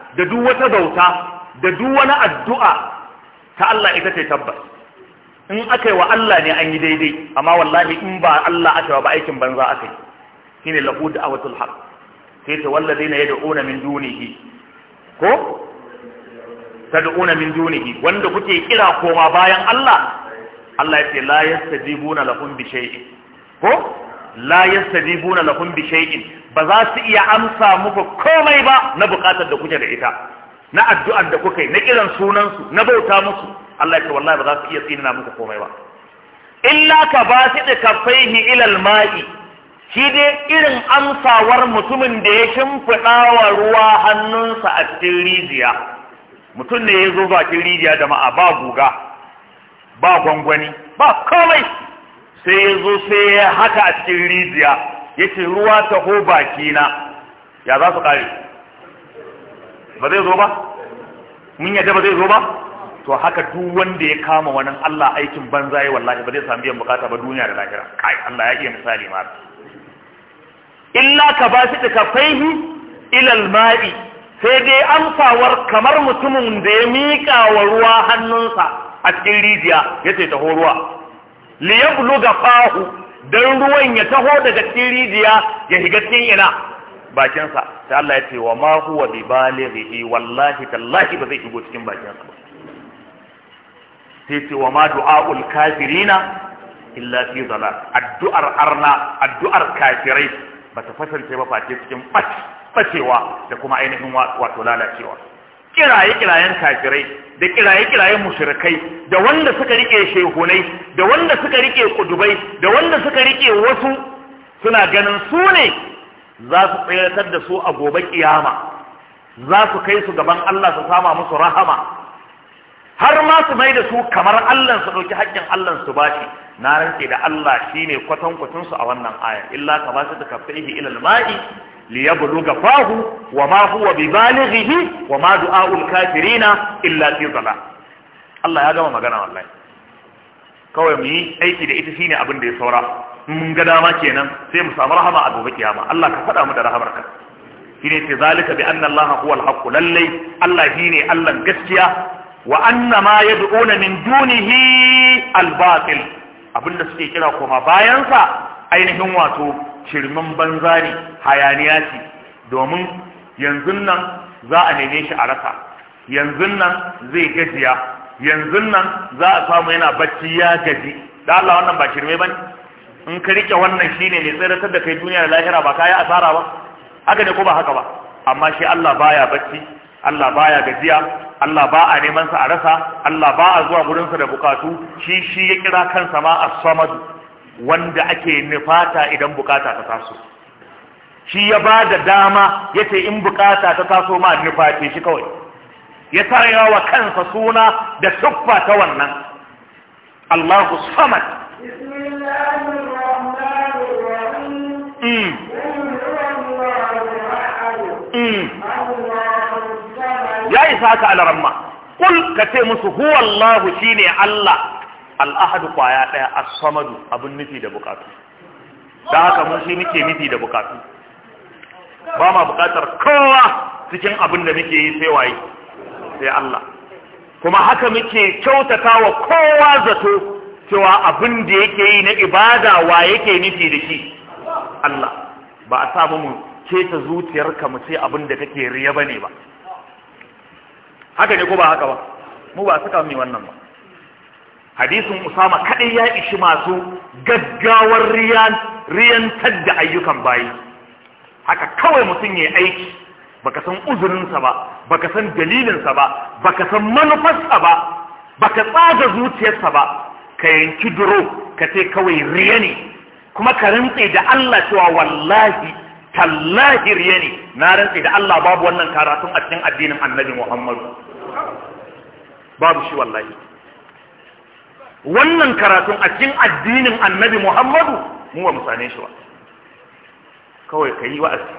da duk wata bauta da duk wani addu'a ta Allah ita ce tabbas in aka yi wa Allah ne an yi daidai amma wallahi in ba Allah aka ba aikin banza aka yi shine lahu da'watul haq sai ta zai na yi yad'una min dunihi ko ta tad'una min dunihi wanda kuke kira koma bayan Allah Allah ya ce la yasta yastajibuna lahum bi shay'in ko la yasta yastajibuna lahum bi shay'in ba za su iya amsa muku komai ba na bukatar da kuke da ita na addu'ar da kuka yi na kiran sunansu na bauta musu Allah ya ce wallahi ba za su iya tsinina muku komai ba illa ka ba su da kafaihi ilal ma'i shi dai irin amsawar mutumin da ya shimfiɗa wa ruwa hannunsa a cikin rijiya mutum ne ya zo cikin rijiya da ma'a ba guga ba gwangwani ba komai sai ya zo sai ya haka a cikin rijiya yace ruwa taho baki na ya za su kare ba zai zo ba mun yadda ba zai zo ba to haka duk wanda ya kama wani Allah aikin banza ya wallahi ba zai samu biyan bukata ba duniya da lahira kai Allah ya iya misali ma illa ka ba shi faihi ila al-ma'i sai dai amsawar kamar mutumin da ya miƙa wa ruwa hannunsa a cikin rijiya yace taho ruwa li yabluga fahu dan ruwan ya taho daga cikin rijiya ya shiga cikin ina bakinsa sai Allah ya ce wa ma huwa bi balighi wallahi tallahi ba zai shigo cikin bakinsa ba sai ce wa ma du'aul kafirina illa fi dalal addu'ar arna addu'ar kafirai ba ta fasance ba face cikin bacewa da kuma ainihin wato lalacewa kiraye-kirayen kafirai da kiraye-kirayen mushrikai da wanda suka rike shehunai da wanda suka rike kudubai da wanda suka rike wasu suna ganin su ne za su tsayatar da su a gobe kiyama za su kai su gaban Allah su sama musu rahama har ma su mai da su kamar Allah su ɗauki haƙƙin Allah su shi na ranke da Allah shine ne su a wannan aya illa ka ba su da kafaihi ilal ma'i liyabluga fahu wa ma huwa bibalighihi wa ma du'aul kafirina illa fi dhalal Allah ya gama magana wallahi kawai mu yi aiki da ita shine abin da ya saura mun ga dama kenan sai mu samu rahama a gobe kiyama Allah ka faɗa mu da rahamarka shine ce zalika bi anna Allah huwa al-haqq lallai Allah shine Allah gaskiya wa anna ma yad'una min dunihi al-batil abinda suke kira koma bayansa ainihin wato shirman banza ne hayaniya ce domin yanzu nan za a neme shi a rasa yanzu nan zai gajiya yanzu nan za a samu yana bacci ya gaji da Allah wannan ba shirme bane in ka rike wannan shine ne tsiratar da kai duniya da lahira ba kai asara ba haka ne ko ba haka ba amma shi Allah baya bacci Allah baya gajiya Allah ba a neman sa a rasa Allah ba a zuwa gurin sa da bukatu shi shi ya kira kansa ma as-samad wanda ake nufata idan bukata ta taso shi ya ba da dama ya ce in bukata ta taso ma nuface shi kawai ya tsarewa wa kansa suna da siffa ta wannan Allahu samad mm. Mm. Ya isa ka alaramma, ƙul ka ce musu huwallahu shi ne Allah al'ahadu kwaya ɗaya a samadu abin nufi da bukatu da haka mun shi muke nufi da bukatu ba ma bukatar kowa cikin abin da muke yi sai waye sai Allah kuma haka muke kyautata wa kowa zato cewa abin da yake yi na ibada wa yake nufi da shi Allah ba a samu mu keta zuciyarka mu ce abin da take riya bane ba haka ne ko ba haka ba mu ba suka mi wannan ba hadisin usama kadai ya ishi masu gaggawar riyan riyan da ayyukan bayi haka kawai mutum ya aiki baka san uzurinsa ba baka san dalilinsa ba baka san manufarsa ba baka tsaga zuciyarsa ba ka yanki duro ka ce kawai riya kuma ka rantse da Allah cewa wallahi tallahi riya ne na rantse da Allah babu wannan karatun a cikin addinin annabi Muhammadu babu shi wallahi wannan karatun a cikin addinin annabi muhammadu mu ba mu shi ba kawai ka yi wa'azi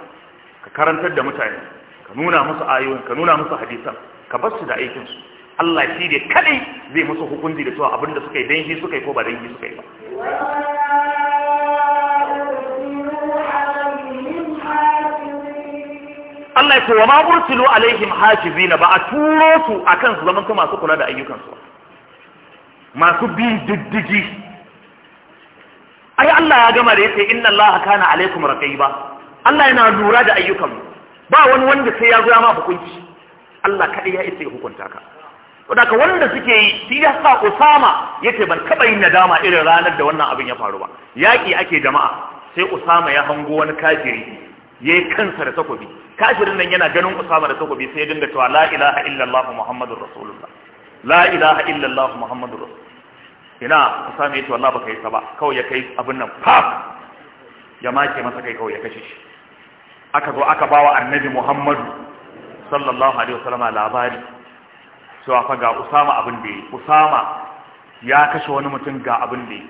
ka karantar da mutane ka nuna musu ayoyin ka nuna musu hadisan ka bar su da aikinsu Allah shi ne kadai zai musu hukunci da cewa abinda suka yi dangi suka yi ko ba dangi suka yi ba Allah ya ce wa ma ursilu alaihim zina, ba a turo su akan su zaman masu kula da ayyukansu ba masu bin diddigi ai Allah ya gama da yace inna Allah kana alaikum raqiba Allah yana lura da ayyukanmu ba wani wanda sai ya zo ma hukunci Allah kadai ya isa hukunta ka wadaka wanda suke yi shi ya sa Usama yace ban taba yin nadama irin ranar da wannan abin ya faru ba yaki ake jama'a sai Usama ya hango wani kafiri yayi kansa da takobi kafirin nan yana ganin Usama da takobi sai ya dinga cewa la ilaha illallah muhammadur rasulullah la ilaha illallah Muhammadu rasul ina ka same shi wallahi baka yi ta ba kawai ya kai abin nan pap ya make masa kai kawai ya kashe shi aka zo aka bawa annabi muhammadu sallallahu alaihi wasallama labari cewa fa ga usama abin da yi usama ya kashe wani mutum ga abin da yi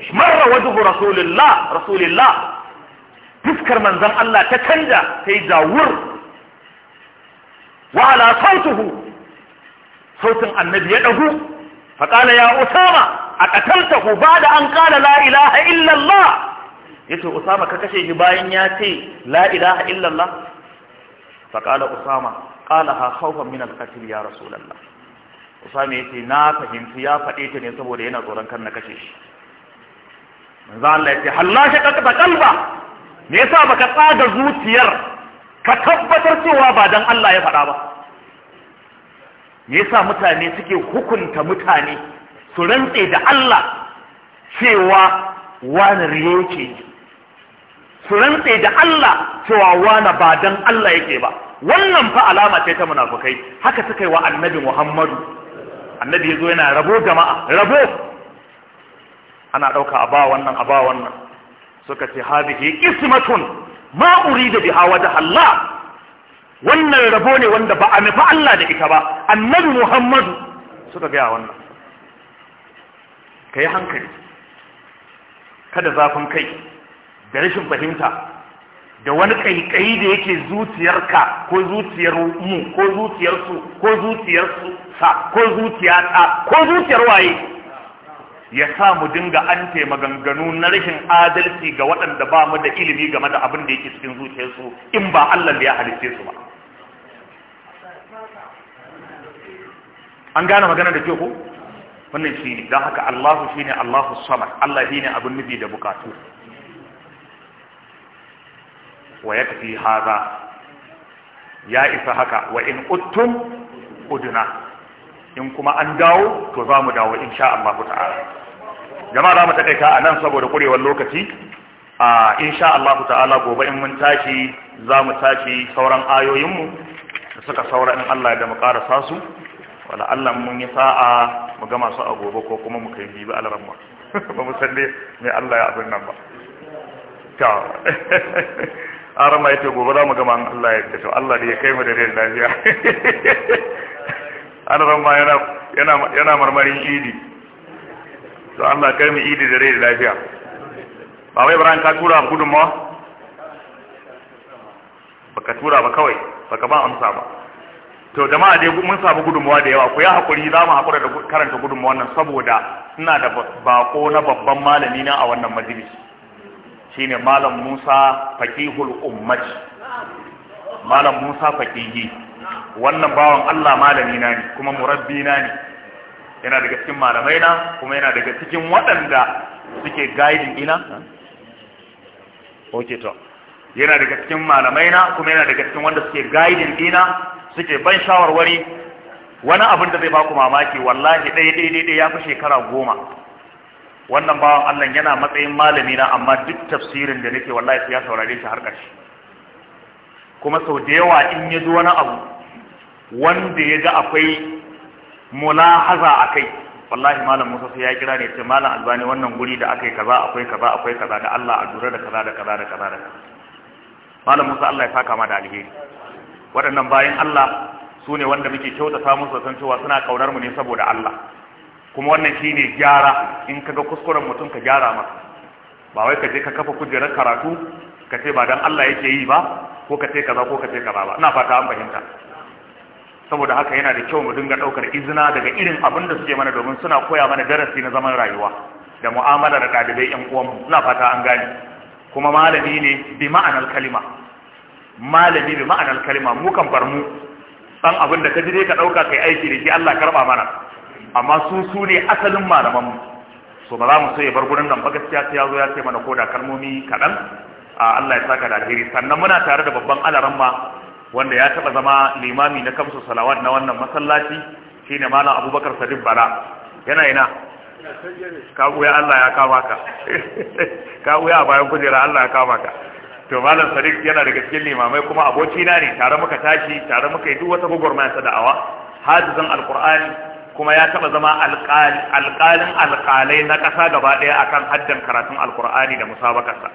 ishmarra ku rasulillah rasulillah fuskar manzan Allah ta canja ta sai jawur wa ala sautuhu sautin annabi ya dahu faqala ya usama a ba da an qala la'ilaha illallah. Ya ce usama ka kashe shi bayan ya ce la'ilaha illallah. illa Usama ƙala ha qalaha min al ya rasul allah usama ce na fahimci ya fade ta ne saboda yana tsoron kan na kashe shi manzo Allah yace hallasha ka ta kalba me yasa baka tsaga zuciyar ka tabbatar cewa ba dan Allah ya faɗa ba me yasa mutane suke hukunta mutane su rantse da Allah cewa wani riye su rantse da Allah cewa wani ba dan Allah yake ba wannan fa alama ce ta munafukai haka suka yi wa annabi Muhammadu annabi yazo yana rabo jama'a rabo ana dauka a ba wannan a ba wannan suka ce hadhihi ismatun ma urida biha wajha Allah wannan rabo ne wanda ba a nufi Allah da ita ba annabi Muhammadu suka gaya wannan ka yi hankali kada zafin kai da rashin fahimta da wani ƙaiƙayi da yake zuciyarka ko zuciyar mu ko zuciyarsu ko zuciyarsu sa ko zuciyata ko zuciyar waye ya sa mu dinga an maganganu na rashin adalci ga waɗanda ba mu da ilimi game da abin da yake cikin zuciyarsu in ba Allah da ya halitte su ba an gane magana da kyau ko wannan shi ne don haka allahu shi ne allahu samar allah shi ne abin nufi da bukatu wa ya tafi haza ya isa haka wa in uttun uduna in kuma an dawo to za mu dawo insha allahu ta'ala jama'a za mu taɗaika a nan saboda ƙurewar lokaci a insha allahu ta'ala gobe in mun tashi za mu tashi sauran ayoyinmu da suka saura in allah da mu ƙarasa su wala Allah mun yi sa'a mu gama su a gobe ko kuma mu kai bibi alaran ba ba mu san me Allah ya abin nan ba ta ara mai to gobe za mu gama Allah ya tafi Allah da ya kai mu da rai lafiya alaran ma yana yana yana marmarin idi to Allah kai mu idi da rai lafiya ba wai Ibrahim ka tura gudunmawa baka tura ba kawai baka ba amsa ba to jama'a dai mun samu gudunmuwa da yawa ku ya hakuri za mu hakura da karanta gudunmuwa nan saboda suna da bako na babban malami na a wannan majalisi shine malam Musa Faqihul Ummati malam Musa Faqihi wannan bawan Allah malami na ne kuma murabbi na ne yana daga cikin malamai na kuma yana daga cikin waɗanda suke guiding ina Ok to yana daga cikin malamai na kuma yana daga cikin wanda suke guiding ina. suke ban shawarwari wani abin da zai baku mamaki wallahi ɗaya ɗaya ɗaya ya fi shekara goma wannan bawan Allah yana matsayin malami na amma duk tafsirin da nake wallahi sai ya saurare shi har ƙarshe kuma sau da yawa in ya ji wani abu wanda ya ga akwai mulahaza a kai wallahi malam musa sai ya kira ne ce malam albani wannan guri da akai kaza akwai kaza akwai kaza da Allah a lura da kaza da kaza da kaza da kaza malam musa Allah ya saka ma da alheri waɗannan bayan Allah su ne wanda muke kyautata musu da san cewa suna ƙaunar mu ne saboda Allah kuma wannan shine gyara in ga kuskuren mutum ka gyara masa ba wai ka je ka kafa kujerar karatu ka ce ba dan Allah yake yi ba ko ka ce kaza ko ka ce kaza ba ina fata an fahimta saboda haka yana da kyau mu dinga daukar izina daga irin abin da suke mana domin suna koya mana darasi na zaman rayuwa da mu'amala da ɗalibai yan uwanmu ina fata an gane kuma malami ne bi ma'anar kalima malami bi ma'anar kalima mu kan bar mu san abin da ka ji dai ka dauka kai aiki da shi Allah karba mana amma su su ne asalin malaman mu so ba za mu so ya bar gurin nan ba gaskiya sai ya zo ya ce mana koda kalmomi kaɗan Allah ya saka da alheri sannan muna tare da babban ma wanda ya taɓa zama limami na kamsu salawat na wannan masallaci shine malam abubakar sadiq bala yana ina ka uya Allah ya kama ka ka uya a bayan kujera Allah ya kama ka to malam sadiq yana daga cikin limamai kuma abokina ne tare muka tashi tare muka yi duk wata gwagwarmaya ta da'awa hajizan alqur'ani kuma ya taba zama alƙalin alƙalai na kasa gaba ɗaya akan haddan karatun alqur'ani da musabakarsa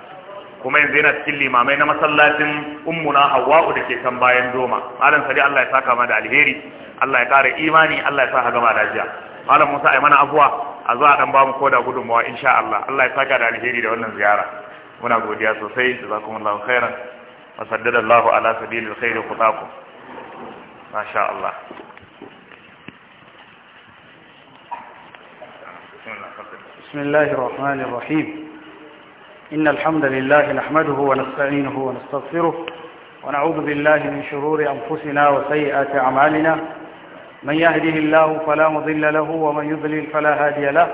kuma yanzu yana cikin limamai na masallacin ummuna hawa'u da ke kan bayan doma malam sadiq Allah ya saka ma da alheri Allah ya kare imani Allah ya sa ha gama da malam Musa ai mana abuwa a zuwa dan ba mu koda gudunmawa insha Allah Allah ya saka da alheri da wannan ziyara muna godiya sosai jazakumullahu khairan wa saddadallahu ala sabilil khairi khutaqu masha Allah بسم الله الرحمن الرحيم إن الحمد لله نحمده ونستعينه ونستغفره ونعوذ بالله من شرور أنفسنا وسيئات أعمالنا من يهده الله فلا مضل له ومن يضلل فلا هادي له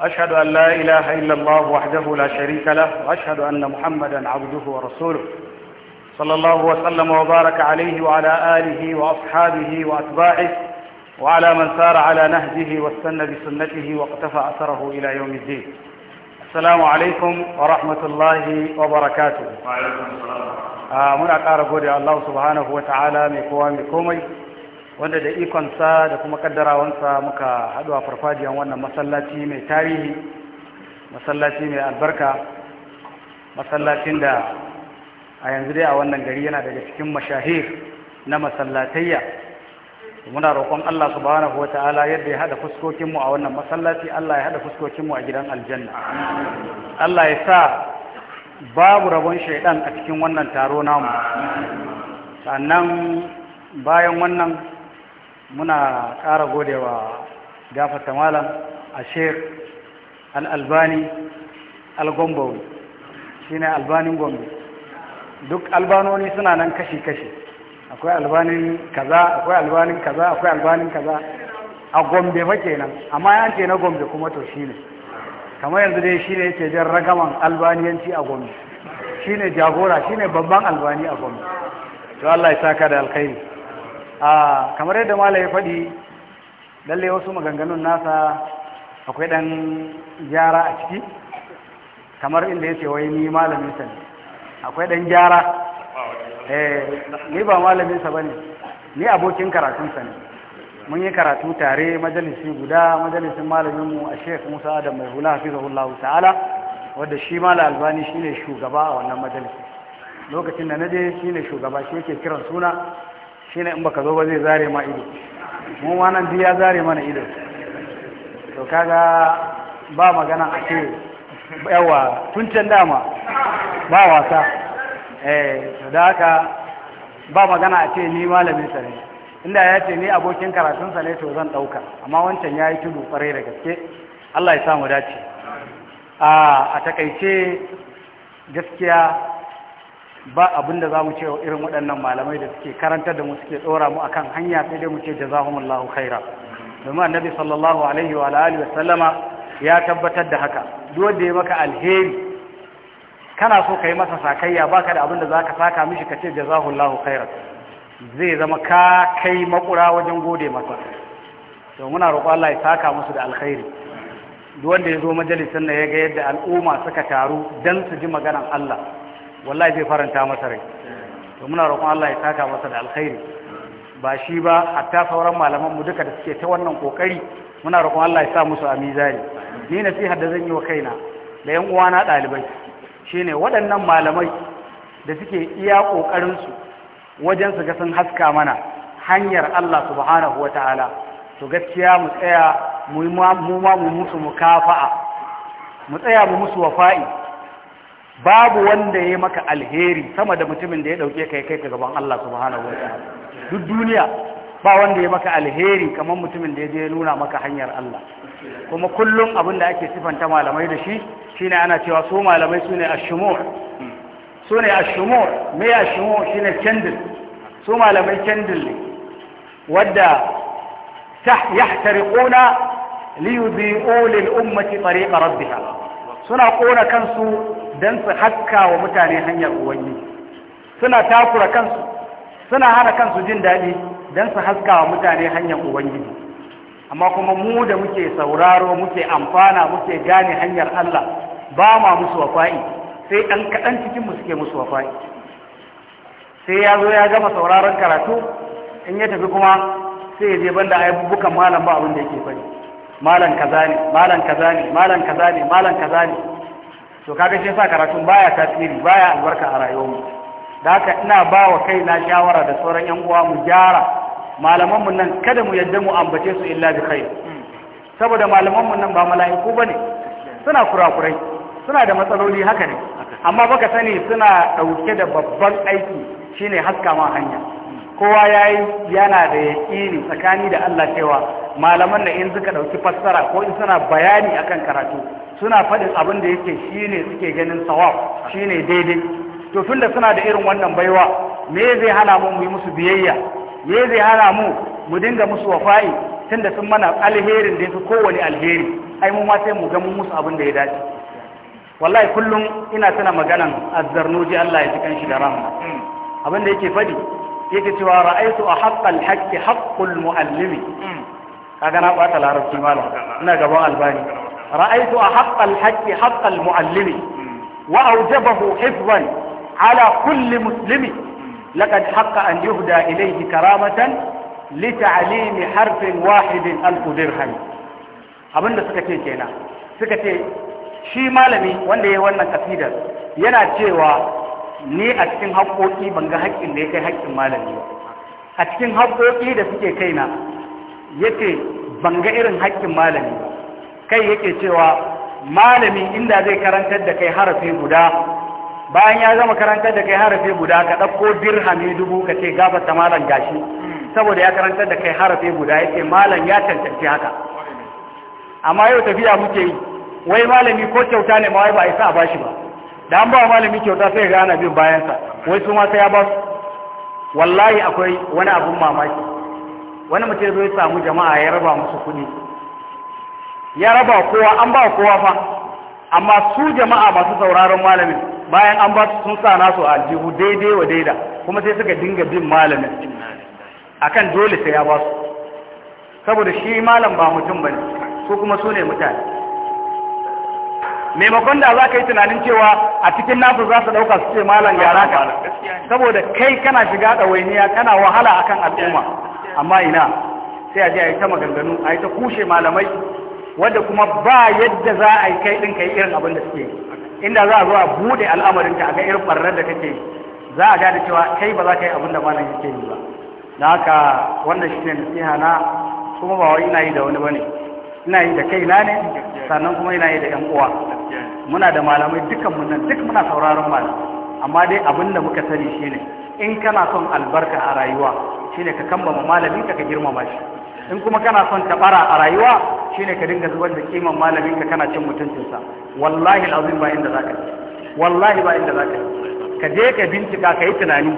أشهد أن لا إله إلا الله وحده لا شريك له وأشهد أن محمدا عبده ورسوله صلى الله وسلم وبارك عليه وعلى آله وأصحابه وأتباعه وعلى من سار على نهجه واستنى بسنته واقتفى أثره إلى يوم الدين السلام عليكم ورحمة الله وبركاته وعليكم السلام muna ƙara gode الله سبحانه وتعالى من قوام كومي wanda da ikonsa da kuma kaddarawansa muka haɗu a farfajiyan wannan masallaci mai tarihi masallaci mai albarka masallacin da a yanzu dai a wannan gari yana daga cikin mashahir na masallatayya muna roƙon Allah subhanahu wa ta'ala yadda ya haɗa fuskokinmu a wannan masallaci Allah ya haɗa fuskokinmu a gidan aljanna Allah ya sa babu rabon shaidan a cikin wannan taro namu sannan bayan wannan muna ƙara godewa gafata malam a sheikh al'albani al shi ne albanin gombe duk albanoni suna nan kashi-kashi akwai albanin kaza akwai albanin kaza akwai albanin kaza a gombe fa kenan amma yan ce na gombe kuma to shi ne kamar yanzu dai shi ne yake jan ragaman albaniyanci a gombe shi ne jagora shi ne babban albani a gombe to Allah ya saka da alkhairi a kamar yadda mala ya faɗi lalle wasu maganganun nasa akwai ɗan gyara a ciki kamar inda ya ce wai ni malamin sa ne akwai ɗan gyara eh, ni ba malamin sa bane ni abokin karatun sa ne mun yi karatu tare majalisi guda majalisin mu a sheikh musa adam mai hula hafizahullahu ta'ala wadda shi malam albani shine shugaba a wannan majalisi lokacin da na je shine shugaba shi yake kiran suna ne in baka zo ba zai zare ma ido mu ma nan ya zare mana ido to kaga ba magana a ce yawa tun can dama ba wasa eh to da haka ba magana a ce ni malamin sa ne inda ya ce ni abokin karatun sa ne to zan dauka amma wancan yayi tudu kware da gaske Allah ya sa mu dace a ah, a takaice gaskiya ba abin da za mu ce irin waɗannan malamai da suke karantar da mu suke ɗora mu akan hanya sai dai mu ce jazahumullahu khaira domin annabi sallallahu alaihi wa alihi wa sallama ya tabbatar da haka duk wanda ya maka alheri kana so kai masa sakayya baka da abin da ka saka mishi ka ce khaira zai zama ka kai makura wajen gode masa to muna roƙo Allah ya saka musu da alkhairi duk wanda ya zo majalisin nan ya ga yadda al'umma suka taru dan su ji maganar Allah wallahi zai faranta masa rai to muna roƙon Allah ya saka masa da alkhairi ba shi ba hatta sauran malaman mu duka da suke ta wannan kokari muna roƙon Allah ya sa musu a mizani ni nasihar da zan yi wa kaina da yan uwana ɗalibai shine waɗannan malamai da suke iya kokarin su wajen su ga sun haska mana hanyar Allah subhanahu wataala to gaskiya mu tsaya mu ma mu musu mukafa'a mu tsaya mu musu wafa'i babu wanda ya maka alheri sama da mutumin da ya dauke kai kai ka gaban Allah subhanahu wataala duk duniya ba wanda ya maka alheri kamar mutumin da ya je nuna maka hanyar Allah kuma kullum abin da ake sifanta malamai da shi shine ana cewa su malamai sune ash sune ash me ash shine candle su malamai candle ne wadda yahtariquna liyudhi'u lil ummati tariqa rabbiha suna kona kansu don su haska wa mutane hanyar ubangiji suna takura kansu suna hana kansu jin daɗi don su haska wa mutane hanyar ubangiji amma kuma mu da muke sauraro muke amfana muke gane hanyar Allah ba ma musu wafa'i sai ɗan kaɗan cikinmu suke musu wafa'i sai ya zo ya gama sauraron karatu in ya tafi kuma sai ya je banda ayyukan malam ba abin da yake fari malam kaza ne malam kaza ne malam kaza ne malam kaza ne to kaga shi yasa karatu baya tasiri baya albarka a rayuwarmu da haka ina ba wa na shawara da sauran yan uwa mu gyara malamanmu nan kada mu yadda mu ambace su illa bi khair saboda mu nan ba mala'iku bane suna kurakurai suna da matsaloli haka ne amma baka sani suna dauke da babban aiki shine haska hanya kowa ya yi yana da yaƙini tsakani da Allah cewa malaman na in suka ɗauki fassara ko in suna bayani akan karatu suna faɗin abin da yake ne suke ganin sawab ne daidai to da suna da irin wannan baiwa me zai hana mu yi musu biyayya me zai hana mu mu dinga musu wafa'i tunda sun mana alherin da yafi kowane alheri ai mu ma sai mu ga musu abin da ya dace wallahi kullum ina tana maganan azzarnuji Allah ya ji kanshi da rahama abin da yake faɗi yake cewa ra'aitu a haqqal haqqi haqqul muallimi larabci malam ina gaban albani ra'aitu a haqqal haqqi haqqal muallimi wa awjabahu hifzan ala kulli muslimi laqad haqqa an yuhda ilayhi karamatan لتعليم حرف واحد ألف درهم abinda suka ce kenan suka ce shi malami wanda ya wannan kasidar yana cewa ni a cikin haƙoƙi ban ga haƙƙin da ya kai haƙƙin malami ba a cikin haƙoƙi da suke kaina ce ban ga irin haƙƙin malami ba kai yake cewa malami inda zai karantar da kai harafi guda bayan ya zama karantar da kai harafi guda ka ɗauko dirhami dubu ka ce gabata malam gashi saboda ya karantar da kai harafi guda ce malam ya cancanci haka amma yau tafiya muke yi wai malami ko kyauta ne ma wai ba a isa a bashi ba da an ba malami kyauta sai ga ana bin bayansa wai su ma sai ya ba su wallahi akwai wani abun mamaki wani mutum zai samu jama'a ya raba musu kuɗi ya raba kowa an ba kowa fa amma su jama'a masu sauraron malamin bayan an ba su sun sa nasu aljihu daidai wa daida kuma sai suka dinga bin malamin akan dole sai ya ba su saboda shi malam ba mutum bane su kuma su ne mutane maimakon da za ka yi tunanin cewa a cikin nasu za su ɗauka su ce malam gyara ka saboda kai kana shiga wainiya kana wahala akan al'umma amma ina sai a je a yi ta maganganu a yi ta kushe malamai wadda kuma ba yadda za a yi kai ɗin kai irin abin da suke inda za a zo a buɗe al'amarin ka a ga irin ɓarrar da kake za a gane cewa kai ba za ka yi abin da malam yake yi ba da haka wannan shi ne nasiha na kuma ba wai ina yi da wani bane ina yi da kaina ne sannan kuma ina yi da yan uwa muna da malamai dukan mun nan duk muna sauraron malamai amma dai abin da muka sani shine in kana son albarka a rayuwa shine ka kambama malamin ka ka girmama shi in kuma kana son tabara a rayuwa shine ka dinga zubar da kiman malamin ka kana cin mutuncinsa wallahi alazim ba inda zaka wallahi ba inda zaka ka je ka bincika ka yi tunani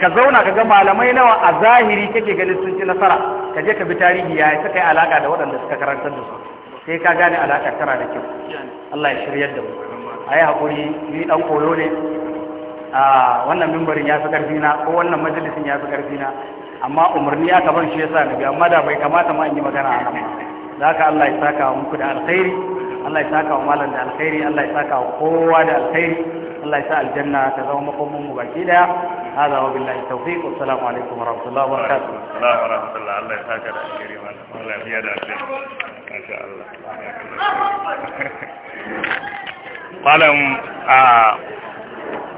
ka zauna ka ga malamai nawa a zahiri kake ganin sun ci nasara ka je ka bi tarihi ya ta kai alaka da waɗanda suka karantar da su sai ka gane alaka tana da kyau Allah ya shiryar da mu a yi haƙuri ni ɗan koyo ne a wannan mimbarin ya fi ƙarfi ko wannan majalisin ya fi ƙarfi na amma umarni aka ban shi yasa sa amma da bai kamata mu in yi magana a nan da haka Allah ya saka muku da alkhairi Allah ya saka wa malam da alkhairi Allah ya saka wa kowa da alkhairi Allah ya sa aljanna ta zama makomin mu baki daya هذا وبالله التوفيق والسلام عليكم ورحمه الله وبركاته السلام ورحمه الله الله يسعدك يا كريم الله يهديك ما شاء الله قال a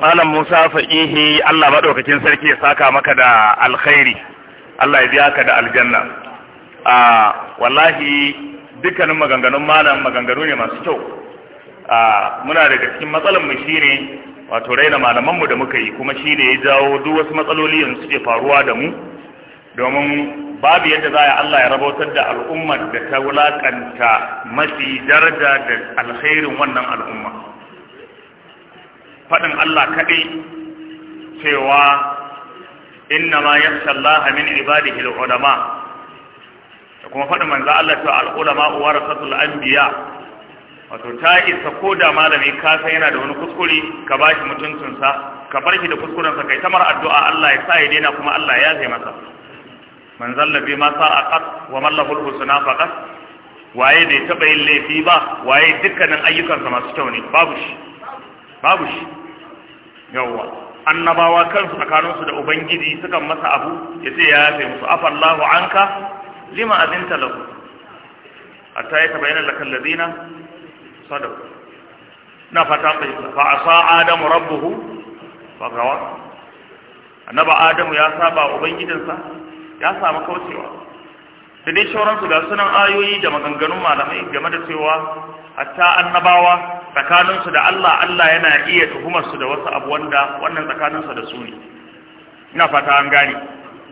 قال موسى فقيه الله madaukakin sarki ya saka maka da alkhairi Allah ya biya ka da aljanna a dukkanin maganganun malam maganganu ne masu kyau a muna daga cikin matsalar mu shine wato raina malamanmu da muka yi kuma shi ne ya jawo duk wasu matsaloli yanzu suke faruwa da mu domin babu yadda za a Allah ya rabautar da al'ummar da ta wulaƙanta mafi daraja da alkhairin wannan al'umma faɗin Allah kaɗai cewa inna ma yafsha Allah min ibadihi al-ulama da kuma faɗin manzo Allah ta al-ulama warasatul anbiya wato ta isa ko da malami ka san yana da wani kuskure ka ba shi mutuntunsa ka bar shi da kuskurensa kai Ta tamar addu'a Allah ya sa ya daina kuma Allah ya zai masa man zallabi ma sa aqat wa man lahu husna faqat waye da ya taba yin laifi ba waye dukkanin ayyukansa masu kyau ne babu shi babu shi yawwa annabawa kansu tsakaninsu da ubangiji sukan masa abu ya ce ya yafe musu afallahu anka lima azinta lahu hatta ya tabayyana lakal ladina sadaq na fata bai fa asa adamu rabbuhu fa gawa annaba adamu ya saba ubangidansa ya samu kaucewa da dai ga sunan ayoyi da maganganun malamai game da cewa hatta annabawa tsakaninsu da Allah Allah yana iya tuhumar su da wasu abu wanda wannan su da su ne ina fata an gane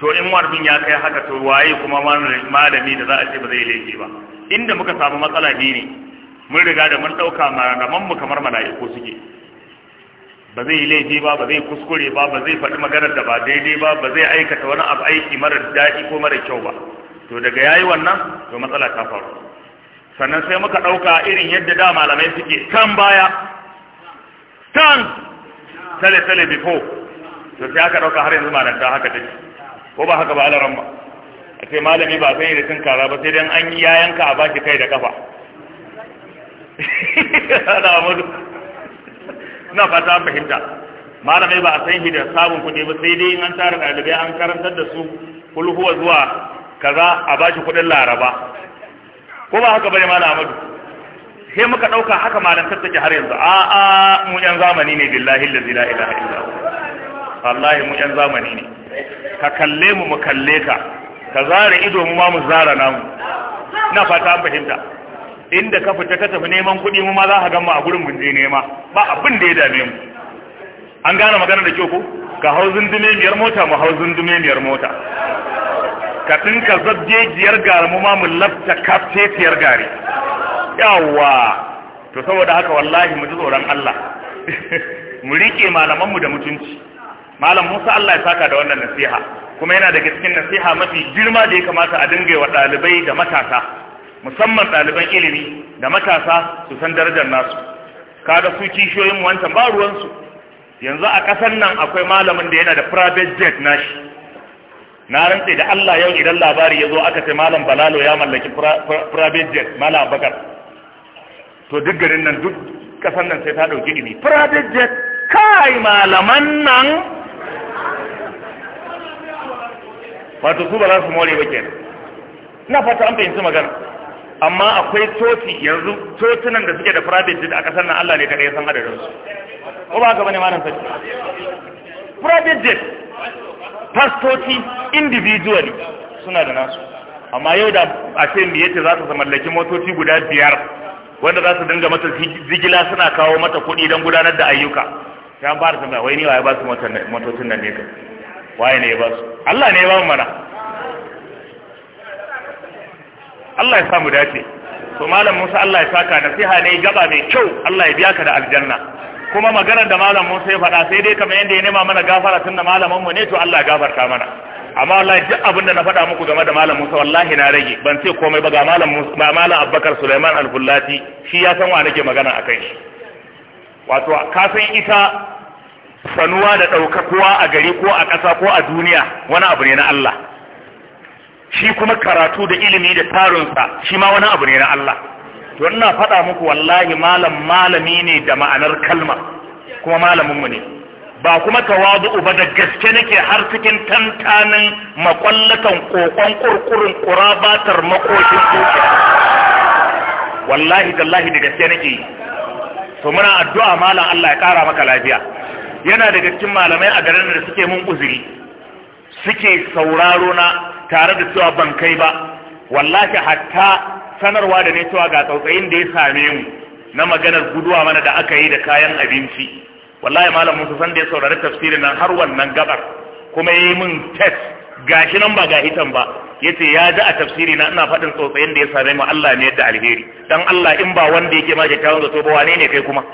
to in warbin ya kai haka to waye kuma malami da za a ce ba zai laifi ba inda muka samu matsala ne mun riga da mun ɗauka malaman mu kamar mala'iku suke ba zai laifi ba ba zai kuskure ba ba zai faɗi maganar da ba daidai ba ba zai aikata wani abu aiki mara daɗi ko mara kyau ba to daga yayi wannan to matsala ta faru sannan sai muka ɗauka irin yadda da malamai suke kan baya kan tale-tale before to sai aka ɗauka har yanzu malanta haka take ko ba haka ba alaran ba a ce malami ba sai da cin kaza ba sai dan an yi yayanka a baki kai da kafa na fata fahimta malamai ba a san shi da samun kuɗi ba sai dai an tara ɗalibai an karantar da su kulhuwa zuwa kaza a bashi kuɗin laraba ko ba haka bane malam amadu sai muka ɗauka haka malam tattake har yanzu a a mu yan zamani ne billahi allazi la ilaha illa wallahi mu yan zamani ne ka kalle mu mu kalle ka ka zare ido mu ma mu zara namu na fata an fahimta inda ka fita ka tafi neman kuɗi mu ma za ka gan mu a gurin mun je nema ba abin da ya dame mu an gane magana da kyau ko ka hau zundume biyar mota mu hau zundume biyar mota ka ɗinka zabje giyar gari mu ma mu lafta kafce tiyar gari yawa to saboda haka wallahi mu ji tsoron Allah mu rike malamanmu da mutunci malam Musa Allah ya saka da wannan nasiha kuma yana daga cikin nasiha mafi girma da ya kamata a dinga wa ɗalibai da matasa musamman ɗaliban ilimi da matasa su san darajar nasu kada su kishiyoyin wancan ba ruwansu yanzu a ƙasar nan akwai malamin da yana da private jet nashi na rantse da Allah yau idan labari ya zo aka ce malam balalo ya mallaki private jet malam abakar to duk garin nan duk ƙasar nan sai ta ɗauki ilimi private jet kai malaman nan wato su ba za su more ba kenan ina fata an fahimci magana amma akwai coci yanzu cocinan da suke da private jet a kasar nan Allah ne kada ya san adadin su ko ba ka bane malam sai private jet pastoci individually suna da nasu amma yau da a ce me yace za su mallaki motoci guda biyar wanda za su dinga mata zigila suna kawo mata kuɗi don gudanar da ayyuka sai an fara tambaya wai ni waye ba su motocin nan ne ka waye ne ya ba su Allah ne ya ba mu mana Allah ya samu dace to malam Musa Allah ya saka nasiha ne gaba mai kyau Allah ya biya ka da aljanna kuma maganar da malam Musa ya faɗa sai dai kamar yadda ya nema mana gafara tun da malaman mu ne to Allah ya gafarta mana amma wallahi duk abin da na faɗa muku game da malam Musa wallahi na rage ban ce komai ba ga malam Musa ba malam Abubakar Sulaiman Al-Fullati shi ya san wa nake magana akan shi wato ka san ita sanuwa da ɗaukakuwa a gari ko a ƙasa ko a duniya wani abu ne na Allah shi kuma karatu da ilimi da tarinsa shi ma wani abu ne na Allah To ina faɗa muku wallahi malam malami ne da ma'anar kalma kuma malaminmu ne ba kuma tawadu ba da gaske nake har cikin tantanin makwallatan kokon kurkurin kurabatar makoshin zuciya wallahi dallahi da gaske nake to muna addu'a malam Allah ya kara maka lafiya yana daga cikin malamai a garin da suke mun uzuri suke sauraro na tare da cewa ban kai ba wallahi hatta sanarwa da ne cewa ga tsautsayin da ya same mu na maganar guduwa mana da aka yi da kayan abinci wallahi malam musu san da ya saurari tafsirin nan har wannan gabar kuma yi min test gashi nan ba ga hitan ba yace ya ji a tafsiri na ina faɗin tsautsayin da ya same mu Allah ne da alheri dan Allah in ba wanda yake ma kyakkyawan zato ba wane ne kai kuma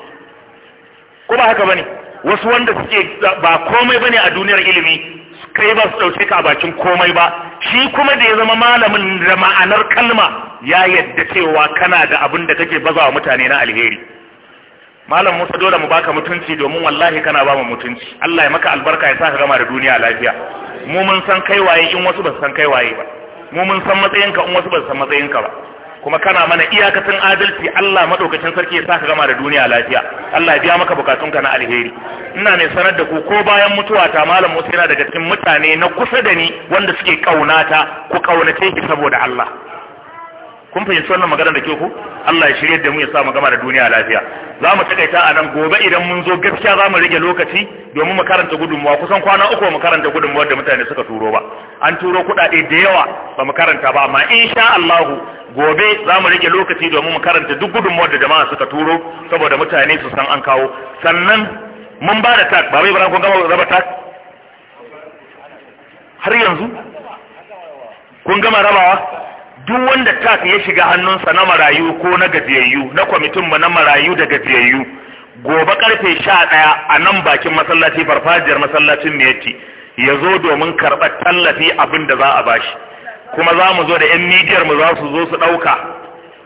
kuma haka bane wasu wanda suke ba komai bane a duniyar ilimi kai ba su dauke ka a bakin komai ba shi kuma da ya zama malamin da ma'anar kalma ya yadda cewa kana da abin da kake baza wa mutane na alheri malam musa dole mu baka mutunci domin wallahi kana ba mu mutunci Allah ya maka albarka ya sa ka gama da duniya lafiya mu mun san kai waye in wasu ba su san kai waye ba mu mun san matsayinka in wasu ba su san matsayinka ba kuma kana mana iyakacin adalci Allah madaukakin sarki ya saka gama da duniya lafiya Allah ya biya maka bukatunka na alheri ina ne sanar da ku ko bayan mutuwa ta malam Musa yana daga cikin mutane na kusa da ni wanda suke kaunata ku kaunace shi saboda Allah kun fahimci wannan magana da ke ku Allah ya shirye da mu ya sa mu gama da duniya lafiya za mu takaita a nan gobe idan mun zo gaskiya za mu rage lokaci domin mu karanta gudunmuwa kusan kwana uku mu karanta gudunmuwa da mutane suka turo ba an turo kuɗaɗe da yawa ba mu karanta ba amma insha Allah gobe za mu rage lokaci domin mu karanta duk gudunmuwa da jama'a suka turo saboda mutane su san an kawo sannan mun ba da tak ba bai bara kun gama raba tak har yanzu kun gama rabawa duk wanda tak ya shiga hannunsa na marayu ko na gajiyayyu na kwamitin mu na marayu da gajiyayyu gobe karfe sha ɗaya a nan bakin masallaci farfajiyar masallacin miyatti ya zo domin karɓar tallafi abin da za a bashi kuma za mu zo da 'yan midiyar mu za su zo su ɗauka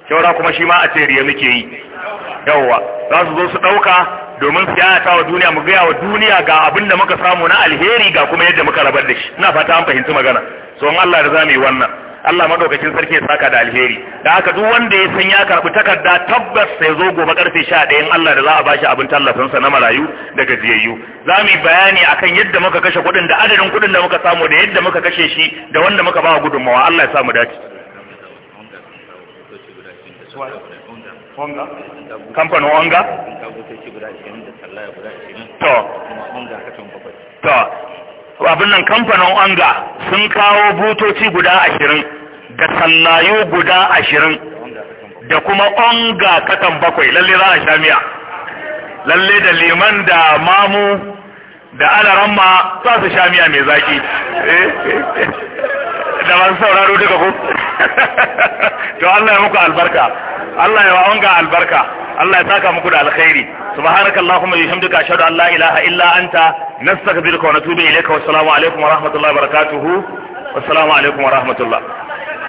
kyaura kuma shi ma a teriya muke yi yawwa za su zo su ɗauka domin su yayata wa duniya mu gaya wa duniya ga abin da muka samu na alheri ga kuma yadda muka rabar da shi ina fata an fahimci magana so in Allah da za mu yi wannan Allah madaukakin sarki ya saka da alheri da haka duk wanda ya san ya karbi takarda tabbas sai zo gobe karfe 11 in Allah da za a bashi abin tallafin sa na marayu da gajiyayyu za mu bayani akan yadda muka kashe kuɗin da adadin kuɗin da muka samu da yadda muka kashe shi da wanda muka ba gudunmawa Allah ya sa mu dace kamfanin onga to abin nan kamfanin onga sun kawo butoci guda ashirin da sallayu guda ashirin da kuma onga katan bakwai lalle za a shamiya lalle da liman da mamu da alaramma za su shamiya mai zaki eh, eh, eh. da masu sauraro daga ku to Allah ya muku albarka Allah ya wa'on ga albarka Allah ya saka muku da alkhairi subhanakallahumma wa bihamdika ashhadu an la ilaha illa anta nastaghfiruka wa natubu ilayka wa assalamu alaikum wa rahmatullahi wa barakatuh wa assalamu alaikum wa